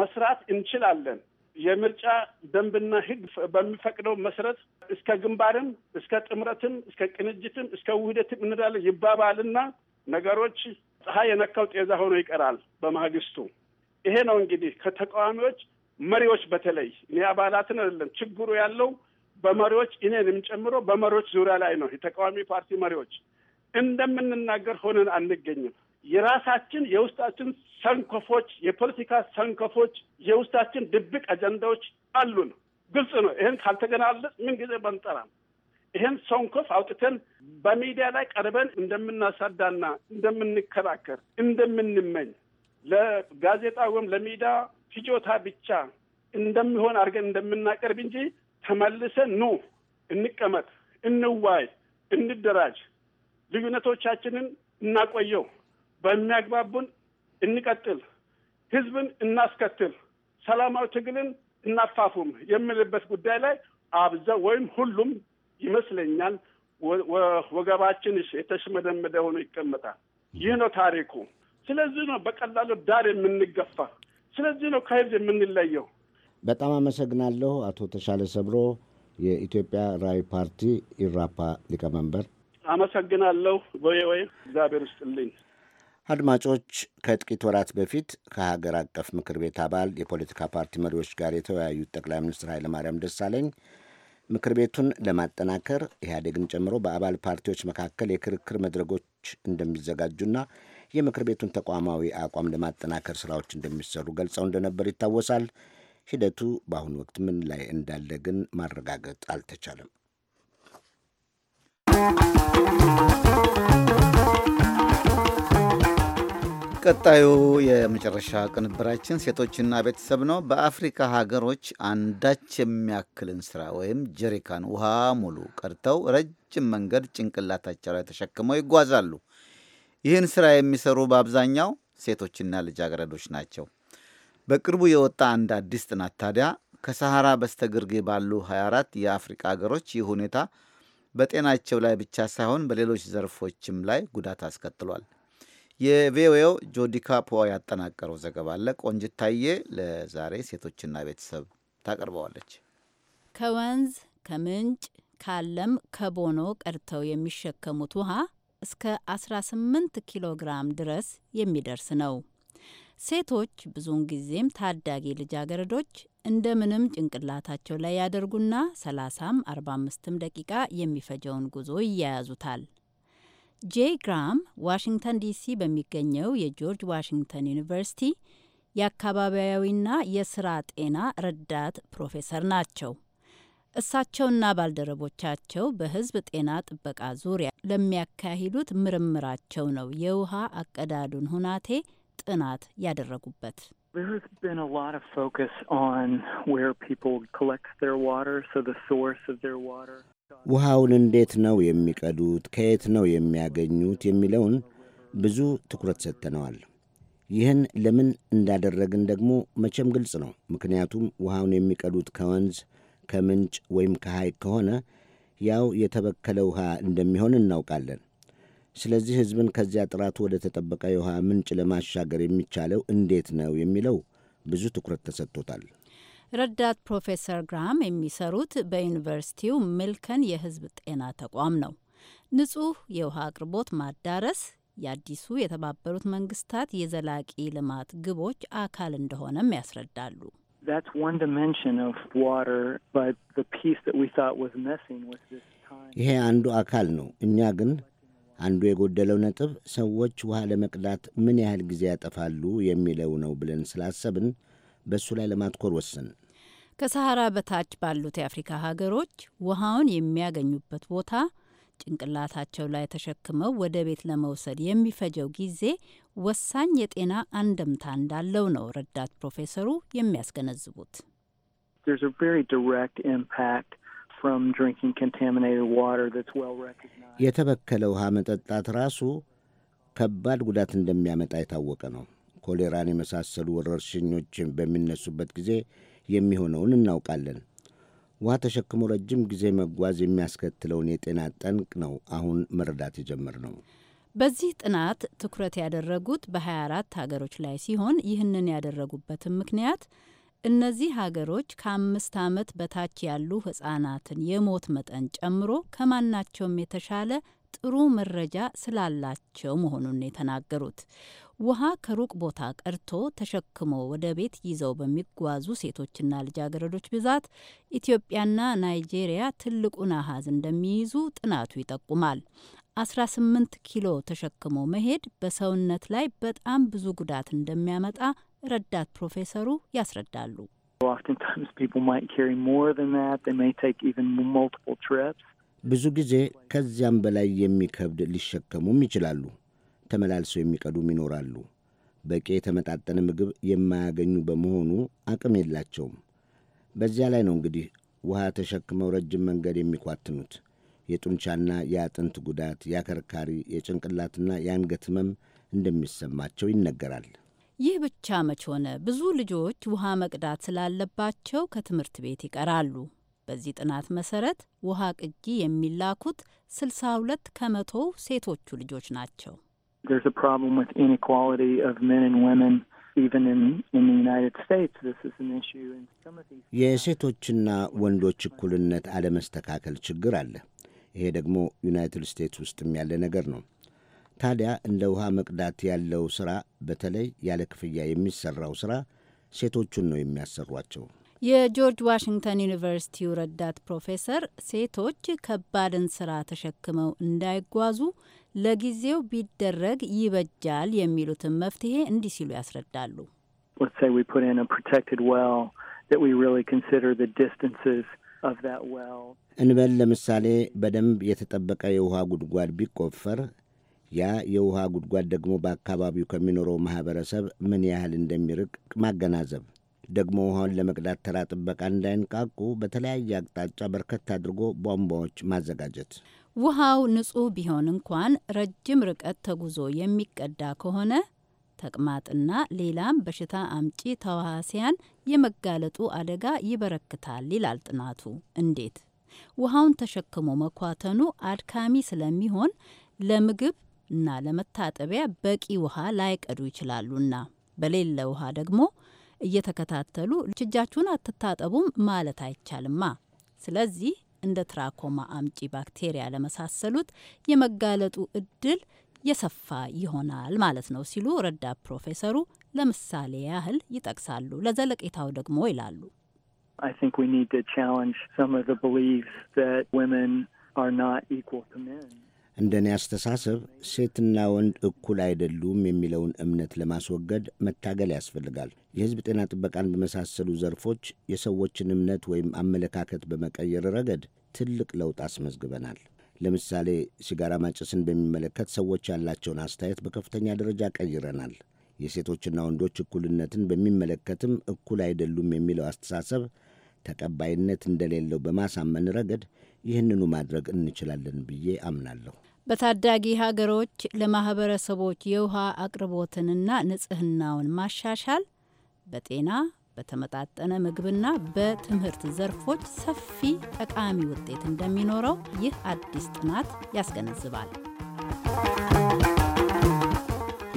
Speaker 4: መስራት እንችላለን። የምርጫ ደንብና ሕግ በሚፈቅደው መሰረት እስከ ግንባርም እስከ ጥምረትም እስከ ቅንጅትም እስከ ውህደትም እንዳለ ይባባልና ነገሮች ፀሐይ የነካው ጤዛ ሆኖ ይቀራል በማግስቱ። ይሄ ነው እንግዲህ ከተቃዋሚዎች መሪዎች በተለይ እኔ አባላትን አይደለም ችግሩ ያለው በመሪዎች እኔንም ጨምሮ በመሪዎች ዙሪያ ላይ ነው የተቃዋሚ ፓርቲ መሪዎች እንደምንናገር ሆነን አንገኝም። የራሳችን የውስጣችን ሰንኮፎች፣ የፖለቲካ ሰንኮፎች፣ የውስጣችን ድብቅ አጀንዳዎች አሉን። ግልጽ ነው። ይህን ካልተገናለ ምን ጊዜ በንጠራም ይህን ሰንኮፍ አውጥተን በሚዲያ ላይ ቀርበን እንደምናሳዳና እንደምንከራከር እንደምንመኝ ለጋዜጣ ወይም ለሚዲያ ፍጆታ ብቻ እንደሚሆን አድርገን እንደምናቀርብ እንጂ ተመልሰን ኑ እንቀመጥ፣ እንዋይ፣ እንደራጅ፣ ልዩነቶቻችንን እናቆየው፣ በሚያግባቡን እንቀጥል፣ ህዝብን እናስከትል፣ ሰላማዊ ትግልን እናፋፉም የምልበት ጉዳይ ላይ አብዘ ወይም ሁሉም ይመስለኛል ወገባችን የተሽመደመደ ሆኖ ይቀመጣል። ይህ ነው ታሪኩ። ስለዚህ ነው በቀላሉ ዳር የምንገፋ። ስለዚህ ነው ከህዝብ የምንለየው።
Speaker 3: በጣም አመሰግናለሁ አቶ ተሻለ ሰብሮ የኢትዮጵያ ራዕይ ፓርቲ ኢራፓ ሊቀመንበር።
Speaker 4: አመሰግናለሁ። ወይ እግዚአብሔር ይስጥልኝ።
Speaker 3: አድማጮች ከጥቂት ወራት በፊት ከሀገር አቀፍ ምክር ቤት አባል የፖለቲካ ፓርቲ መሪዎች ጋር የተወያዩት ጠቅላይ ሚኒስትር ኃይለማርያም ደሳለኝ ምክር ቤቱን ለማጠናከር ኢህአዴግን ጨምሮ በአባል ፓርቲዎች መካከል የክርክር መድረጎች እንደሚዘጋጁና የምክር ቤቱን ተቋማዊ አቋም ለማጠናከር ስራዎች እንደሚሰሩ ገልጸው እንደነበር ይታወሳል። ሂደቱ በአሁኑ ወቅት ምን ላይ እንዳለ ግን ማረጋገጥ አልተቻለም። ቀጣዩ
Speaker 2: የመጨረሻ ቅንብራችን ሴቶችና ቤተሰብ ነው። በአፍሪካ ሀገሮች አንዳች የሚያክልን ስራ ወይም ጀሪካን ውሃ ሙሉ ቀድተው ረጅም መንገድ ጭንቅላታቸው ላይ ተሸክመው ይጓዛሉ። ይህን ስራ የሚሰሩ በአብዛኛው ሴቶችና ልጃገረዶች ናቸው። በቅርቡ የወጣ አንድ አዲስ ጥናት ታዲያ ከሰሃራ በስተግርጌ ባሉ 24 የአፍሪቃ ሀገሮች ይህ ሁኔታ በጤናቸው ላይ ብቻ ሳይሆን በሌሎች ዘርፎችም ላይ ጉዳት አስከትሏል። የቪኦኤው ጆዲካፖ ያጠናቀረው ዘገባ አለ። ቆንጅታዬ ለዛሬ ሴቶችና ቤተሰብ ታቀርበዋለች።
Speaker 13: ከወንዝ ከምንጭ ካለም ከቦኖ ቀድተው የሚሸከሙት ውሃ እስከ 18 ኪሎ ግራም ድረስ የሚደርስ ነው። ሴቶች ብዙውን ጊዜም ታዳጊ ልጃገረዶች እንደምንም ጭንቅላታቸው ላይ ያደርጉና 30ም 45ም ደቂቃ የሚፈጀውን ጉዞ ይያያዙታል። ጄ ግራም ዋሽንግተን ዲሲ በሚገኘው የጆርጅ ዋሽንግተን ዩኒቨርሲቲ የአካባቢያዊና የስራ ጤና ረዳት ፕሮፌሰር ናቸው። እሳቸውና ባልደረቦቻቸው በሕዝብ ጤና ጥበቃ ዙሪያ ለሚያካሂዱት ምርምራቸው ነው የውሃ አቀዳዱን ሁናቴ ጥናት ያደረጉበት
Speaker 3: ውሃውን እንዴት ነው የሚቀዱት፣ ከየት ነው የሚያገኙት የሚለውን ብዙ ትኩረት ሰጥተነዋል። ይህን ለምን እንዳደረግን ደግሞ መቼም ግልጽ ነው። ምክንያቱም ውሃውን የሚቀዱት ከወንዝ ከምንጭ ወይም ከሐይቅ ከሆነ ያው የተበከለ ውሃ እንደሚሆን እናውቃለን። ስለዚህ ሕዝብን ከዚያ ጥራቱ ወደ ተጠበቀ የውሃ ምንጭ ለማሻገር የሚቻለው እንዴት ነው የሚለው ብዙ ትኩረት ተሰጥቶታል።
Speaker 13: ረዳት ፕሮፌሰር ግራም የሚሰሩት በዩኒቨርሲቲው ሚልከን የህዝብ ጤና ተቋም ነው። ንጹህ የውሃ አቅርቦት ማዳረስ የአዲሱ የተባበሩት መንግስታት የዘላቂ ልማት ግቦች አካል እንደሆነም ያስረዳሉ።
Speaker 3: ይሄ አንዱ አካል ነው። እኛ ግን አንዱ የጎደለው ነጥብ ሰዎች ውሃ ለመቅዳት ምን ያህል ጊዜ ያጠፋሉ የሚለው ነው ብለን ስላሰብን በእሱ ላይ ለማትኮር ወስን
Speaker 13: ከሰሐራ በታች ባሉት የአፍሪካ ሀገሮች ውሃውን የሚያገኙበት ቦታ ጭንቅላታቸው ላይ ተሸክመው ወደ ቤት ለመውሰድ የሚፈጀው ጊዜ ወሳኝ የጤና አንደምታ እንዳለው ነው ረዳት ፕሮፌሰሩ የሚያስገነዝቡት።
Speaker 3: የተበከለ ውሃ መጠጣት ራሱ ከባድ ጉዳት እንደሚያመጣ የታወቀ ነው። ኮሌራን የመሳሰሉ ወረርሽኞችን በሚነሱበት ጊዜ የሚሆነውን እናውቃለን። ውሃ ተሸክሞ ረጅም ጊዜ መጓዝ የሚያስከትለውን የጤና ጠንቅ ነው አሁን መረዳት የጀመርነው።
Speaker 13: በዚህ ጥናት ትኩረት ያደረጉት በ24 ሀገሮች ላይ ሲሆን ይህንን ያደረጉበትም ምክንያት እነዚህ ሀገሮች ከአምስት ዓመት በታች ያሉ ህጻናትን የሞት መጠን ጨምሮ ከማናቸውም የተሻለ ጥሩ መረጃ ስላላቸው መሆኑን የተናገሩት ውሃ ከሩቅ ቦታ ቀርቶ ተሸክሞ ወደ ቤት ይዘው በሚጓዙ ሴቶችና ልጃገረዶች ብዛት ኢትዮጵያና ናይጄሪያ ትልቁን አሀዝ እንደሚይዙ ጥናቱ ይጠቁማል። 18 ኪሎ ተሸክሞ መሄድ በሰውነት ላይ በጣም ብዙ ጉዳት እንደሚያመጣ ረዳት ፕሮፌሰሩ ያስረዳሉ።
Speaker 3: ብዙ ጊዜ ከዚያም በላይ የሚከብድ ሊሸከሙም ይችላሉ። ተመላልሰው የሚቀዱም ይኖራሉ። በቂ የተመጣጠነ ምግብ የማያገኙ በመሆኑ አቅም የላቸውም። በዚያ ላይ ነው እንግዲህ ውሃ ተሸክመው ረጅም መንገድ የሚኳትኑት። የጡንቻና የአጥንት ጉዳት፣ የአከርካሪ የጭንቅላትና የአንገት ህመም እንደሚሰማቸው ይነገራል።
Speaker 13: ይህ ብቻ መች ሆነ? ብዙ ልጆች ውሃ መቅዳት ስላለባቸው ከትምህርት ቤት ይቀራሉ። በዚህ ጥናት መሰረት ውሃ ቅጂ የሚላኩት 62 ከመቶ ሴቶቹ ልጆች ናቸው።
Speaker 3: የሴቶችና ወንዶች እኩልነት አለመስተካከል ችግር አለ። ይሄ ደግሞ ዩናይትድ ስቴትስ ውስጥም ያለ ነገር ነው። ታዲያ እንደ ውሃ መቅዳት ያለው ሥራ በተለይ ያለ ክፍያ የሚሰራው ሥራ ሴቶቹን ነው የሚያሰሯቸው።
Speaker 13: የጆርጅ ዋሽንግተን ዩኒቨርሲቲው ረዳት ፕሮፌሰር ሴቶች ከባድን ስራ ተሸክመው እንዳይጓዙ ለጊዜው ቢደረግ ይበጃል የሚሉትን መፍትሄ እንዲህ ሲሉ ያስረዳሉ።
Speaker 3: እንበል ለምሳሌ በደንብ የተጠበቀ የውሃ ጉድጓድ ቢቆፈር ያ የውሃ ጉድጓድ ደግሞ በአካባቢው ከሚኖረው ማኅበረሰብ ምን ያህል እንደሚርቅ ማገናዘብ ደግሞ ውሃውን ለመቅዳት ተራ ጥበቃ እንዳይንቃቁ በተለያየ አቅጣጫ በርከት አድርጎ ቧንቧዎች ማዘጋጀት።
Speaker 13: ውሃው ንጹህ ቢሆን እንኳን ረጅም ርቀት ተጉዞ የሚቀዳ ከሆነ ተቅማጥና ሌላም በሽታ አምጪ ተዋሲያን የመጋለጡ አደጋ ይበረክታል ይላል ጥናቱ። እንዴት ውሃውን ተሸክሞ መኳተኑ አድካሚ ስለሚሆን ለምግብ እና ለመታጠቢያ በቂ ውሃ ላይቀዱ ይችላሉና በሌለ ውሃ ደግሞ እየተከታተሉ እጃችሁን አትታጠቡም ማለት አይቻልማ። ስለዚህ እንደ ትራኮማ አምጪ ባክቴሪያ ለመሳሰሉት የመጋለጡ እድል የሰፋ ይሆናል ማለት ነው ሲሉ ረዳት ፕሮፌሰሩ ለምሳሌ ያህል ይጠቅሳሉ። ለዘለቄታው ደግሞ ይላሉ
Speaker 1: I
Speaker 3: እንደ እኔ አስተሳሰብ ሴትና ወንድ እኩል አይደሉም የሚለውን እምነት ለማስወገድ መታገል ያስፈልጋል። የሕዝብ ጤና ጥበቃን በመሳሰሉ ዘርፎች የሰዎችን እምነት ወይም አመለካከት በመቀየር ረገድ ትልቅ ለውጥ አስመዝግበናል። ለምሳሌ ሲጋራ ማጨስን በሚመለከት ሰዎች ያላቸውን አስተያየት በከፍተኛ ደረጃ ቀይረናል። የሴቶችና ወንዶች እኩልነትን በሚመለከትም እኩል አይደሉም የሚለው አስተሳሰብ ተቀባይነት እንደሌለው በማሳመን ረገድ ይህንኑ ማድረግ እንችላለን ብዬ አምናለሁ።
Speaker 13: በታዳጊ ሀገሮች ለማህበረሰቦች የውሃ አቅርቦትንና ንጽህናውን ማሻሻል በጤና በተመጣጠነ ምግብና በትምህርት ዘርፎች ሰፊ ጠቃሚ ውጤት እንደሚኖረው ይህ አዲስ ጥናት ያስገነዝባል።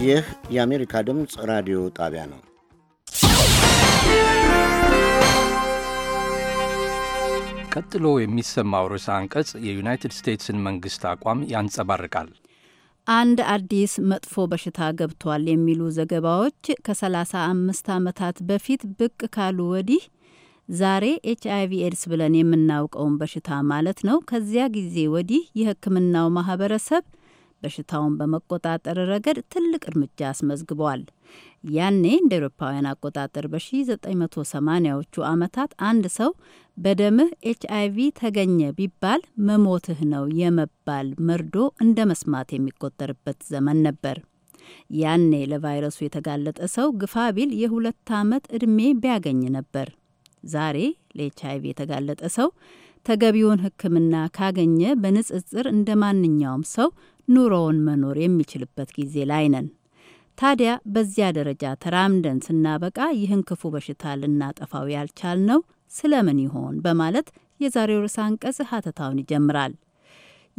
Speaker 3: ይህ የአሜሪካ ድምፅ ራዲዮ
Speaker 7: ጣቢያ ነው። ቀጥሎ የሚሰማው ርዕሰ አንቀጽ የዩናይትድ ስቴትስን መንግስት አቋም ያንጸባርቃል።
Speaker 13: አንድ አዲስ መጥፎ በሽታ ገብቷል የሚሉ ዘገባዎች ከ35 ዓመታት በፊት ብቅ ካሉ ወዲህ ዛሬ ኤች ቪ ኤድስ ብለን የምናውቀውን በሽታ ማለት ነው። ከዚያ ጊዜ ወዲህ የሕክምናው ማህበረሰብ በሽታውን በመቆጣጠር ረገድ ትልቅ እርምጃ አስመዝግቧል። ያኔ እንደ ኤሮፓውያን አቆጣጠር በ1980ዎቹ ዓመታት አንድ ሰው በደምህ ኤች አይቪ ተገኘ ቢባል መሞትህ ነው የመባል መርዶ እንደ መስማት የሚቆጠርበት ዘመን ነበር። ያኔ ለቫይረሱ የተጋለጠ ሰው ግፋ ቢል የሁለት ዓመት ዕድሜ ቢያገኝ ነበር። ዛሬ ለኤች አይቪ የተጋለጠ ሰው ተገቢውን ሕክምና ካገኘ በንጽጽር እንደ ማንኛውም ሰው ኑሮውን መኖር የሚችልበት ጊዜ ላይ ነን። ታዲያ በዚያ ደረጃ ተራምደን ስናበቃ ይህን ክፉ በሽታ ልናጠፋው ያልቻልነው ስለምን ይሆን በማለት የዛሬው ርዕሰ አንቀጽ ሀተታውን ይጀምራል።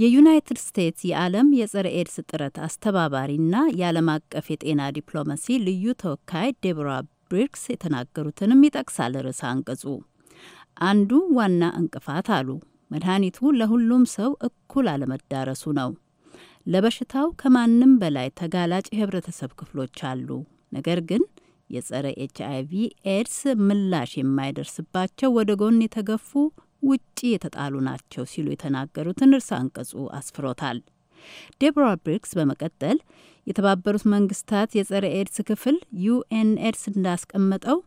Speaker 13: የዩናይትድ ስቴትስ የዓለም የጸረ ኤድስ ጥረት አስተባባሪና የዓለም አቀፍ የጤና ዲፕሎማሲ ልዩ ተወካይ ዴቦራ ብሪክስ የተናገሩትንም ይጠቅሳል ርዕሰ አንቀጹ። አንዱ ዋና እንቅፋት አሉ መድኃኒቱ ለሁሉም ሰው እኩል አለመዳረሱ ነው። ለበሽታው ከማንም በላይ ተጋላጭ የህብረተሰብ ክፍሎች አሉ። ነገር ግን የጸረ ኤች አይቪ ኤድስ ምላሽ የማይደርስባቸው ወደ ጎን የተገፉ ውጪ የተጣሉ ናቸው ሲሉ የተናገሩትን እርስ አንቀጹ አስፍሮታል። ዴቦራ ብሪክስ በመቀጠል የተባበሩት መንግስታት የጸረ ኤድስ ክፍል ዩኤን ኤድስ እንዳስቀመጠው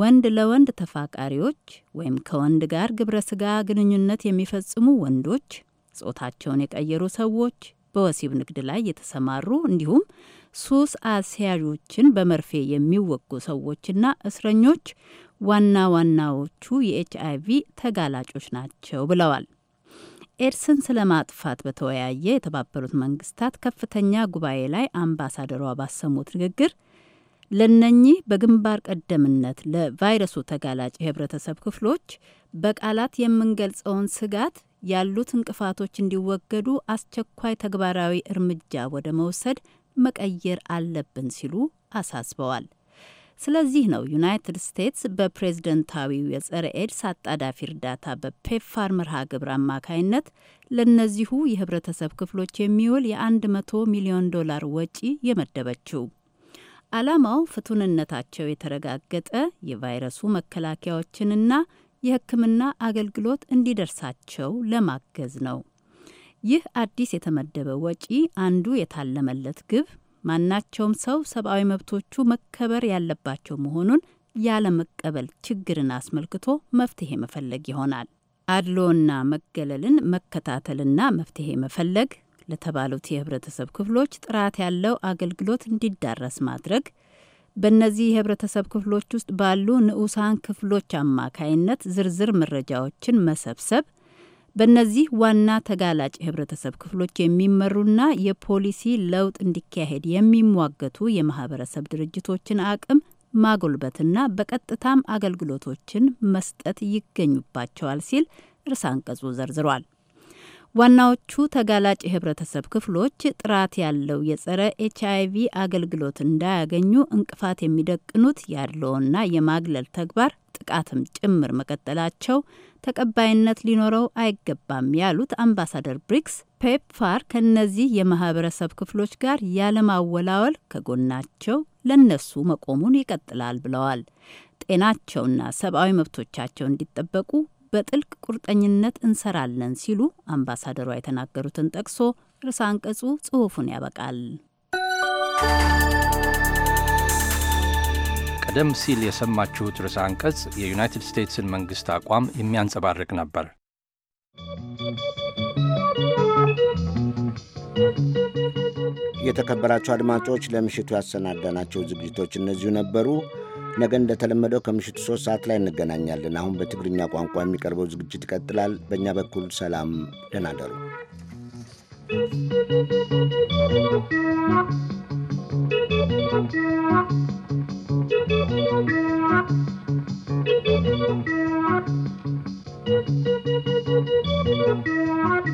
Speaker 13: ወንድ ለወንድ ተፋቃሪዎች ወይም ከወንድ ጋር ግብረ ስጋ ግንኙነት የሚፈጽሙ ወንዶች፣ ጾታቸውን የቀየሩ ሰዎች፣ በወሲብ ንግድ ላይ የተሰማሩ እንዲሁም ሱስ አስያዦችን በመርፌ የሚወጉ ሰዎችና እስረኞች ዋና ዋናዎቹ የኤች አይቪ ተጋላጮች ናቸው ብለዋል። ኤድስን ማጥፋት በተወያየ የተባበሩት መንግስታት ከፍተኛ ጉባኤ ላይ አምባሳደሯ ባሰሙት ንግግር ለነኚህ በግንባር ቀደምነት ለቫይረሱ ተጋላጭ የህብረተሰብ ክፍሎች በቃላት የምንገልጸውን ስጋት ያሉት እንቅፋቶች እንዲወገዱ አስቸኳይ ተግባራዊ እርምጃ ወደ መውሰድ መቀየር አለብን ሲሉ አሳስበዋል። ስለዚህ ነው ዩናይትድ ስቴትስ በፕሬዝደንታዊው የጸረ ኤድስ አጣዳፊ እርዳታ በፔፋር መርሃ ግብር አማካይነት ለእነዚሁ የህብረተሰብ ክፍሎች የሚውል የ100 ሚሊዮን ዶላር ወጪ የመደበችው። ዓላማው ፍቱንነታቸው የተረጋገጠ የቫይረሱ መከላከያዎችንና የሕክምና አገልግሎት እንዲደርሳቸው ለማገዝ ነው። ይህ አዲስ የተመደበ ወጪ አንዱ የታለመለት ግብ ማናቸውም ሰው ሰብአዊ መብቶቹ መከበር ያለባቸው መሆኑን ያለመቀበል ችግርን አስመልክቶ መፍትሄ መፈለግ ይሆናል። አድሎና መገለልን መከታተልና መፍትሄ መፈለግ፣ ለተባሉት የህብረተሰብ ክፍሎች ጥራት ያለው አገልግሎት እንዲዳረስ ማድረግ በእነዚህ የህብረተሰብ ክፍሎች ውስጥ ባሉ ንዑሳን ክፍሎች አማካይነት ዝርዝር መረጃዎችን መሰብሰብ በእነዚህ ዋና ተጋላጭ የህብረተሰብ ክፍሎች የሚመሩና የፖሊሲ ለውጥ እንዲካሄድ የሚሟገቱ የማህበረሰብ ድርጅቶችን አቅም ማጎልበትና በቀጥታም አገልግሎቶችን መስጠት ይገኙባቸዋል ሲል እርስ አንቀጹ ዘርዝሯል። ዋናዎቹ ተጋላጭ የህብረተሰብ ክፍሎች ጥራት ያለው የጸረ ኤች አይቪ አገልግሎት እንዳያገኙ እንቅፋት የሚደቅኑት ያለውና የማግለል ተግባር ጥቃትም ጭምር መቀጠላቸው ተቀባይነት ሊኖረው አይገባም ያሉት አምባሳደር ብሪክስ ፔፕፋር ከእነዚህ የማህበረሰብ ክፍሎች ጋር ያለማወላወል ከጎናቸው ለነሱ መቆሙን ይቀጥላል ብለዋል። ጤናቸውና ሰብአዊ መብቶቻቸው እንዲጠበቁ በጥልቅ ቁርጠኝነት እንሰራለን ሲሉ አምባሳደሯ የተናገሩትን ጠቅሶ ርዕሰ አንቀጹ ጽሑፉን ያበቃል።
Speaker 7: ቀደም ሲል የሰማችሁት ርዕሰ አንቀጽ የዩናይትድ ስቴትስን መንግሥት አቋም የሚያንጸባርቅ ነበር።
Speaker 3: የተከበራቸው አድማጮች ለምሽቱ ያሰናዳናቸው ዝግጅቶች እነዚሁ ነበሩ። ነገ እንደተለመደው ከምሽቱ ሶስት ሰዓት ላይ እንገናኛለን። አሁን በትግርኛ ቋንቋ የሚቀርበው ዝግጅት ይቀጥላል። በእኛ በኩል ሰላም፣ ደህና
Speaker 1: ደሩ።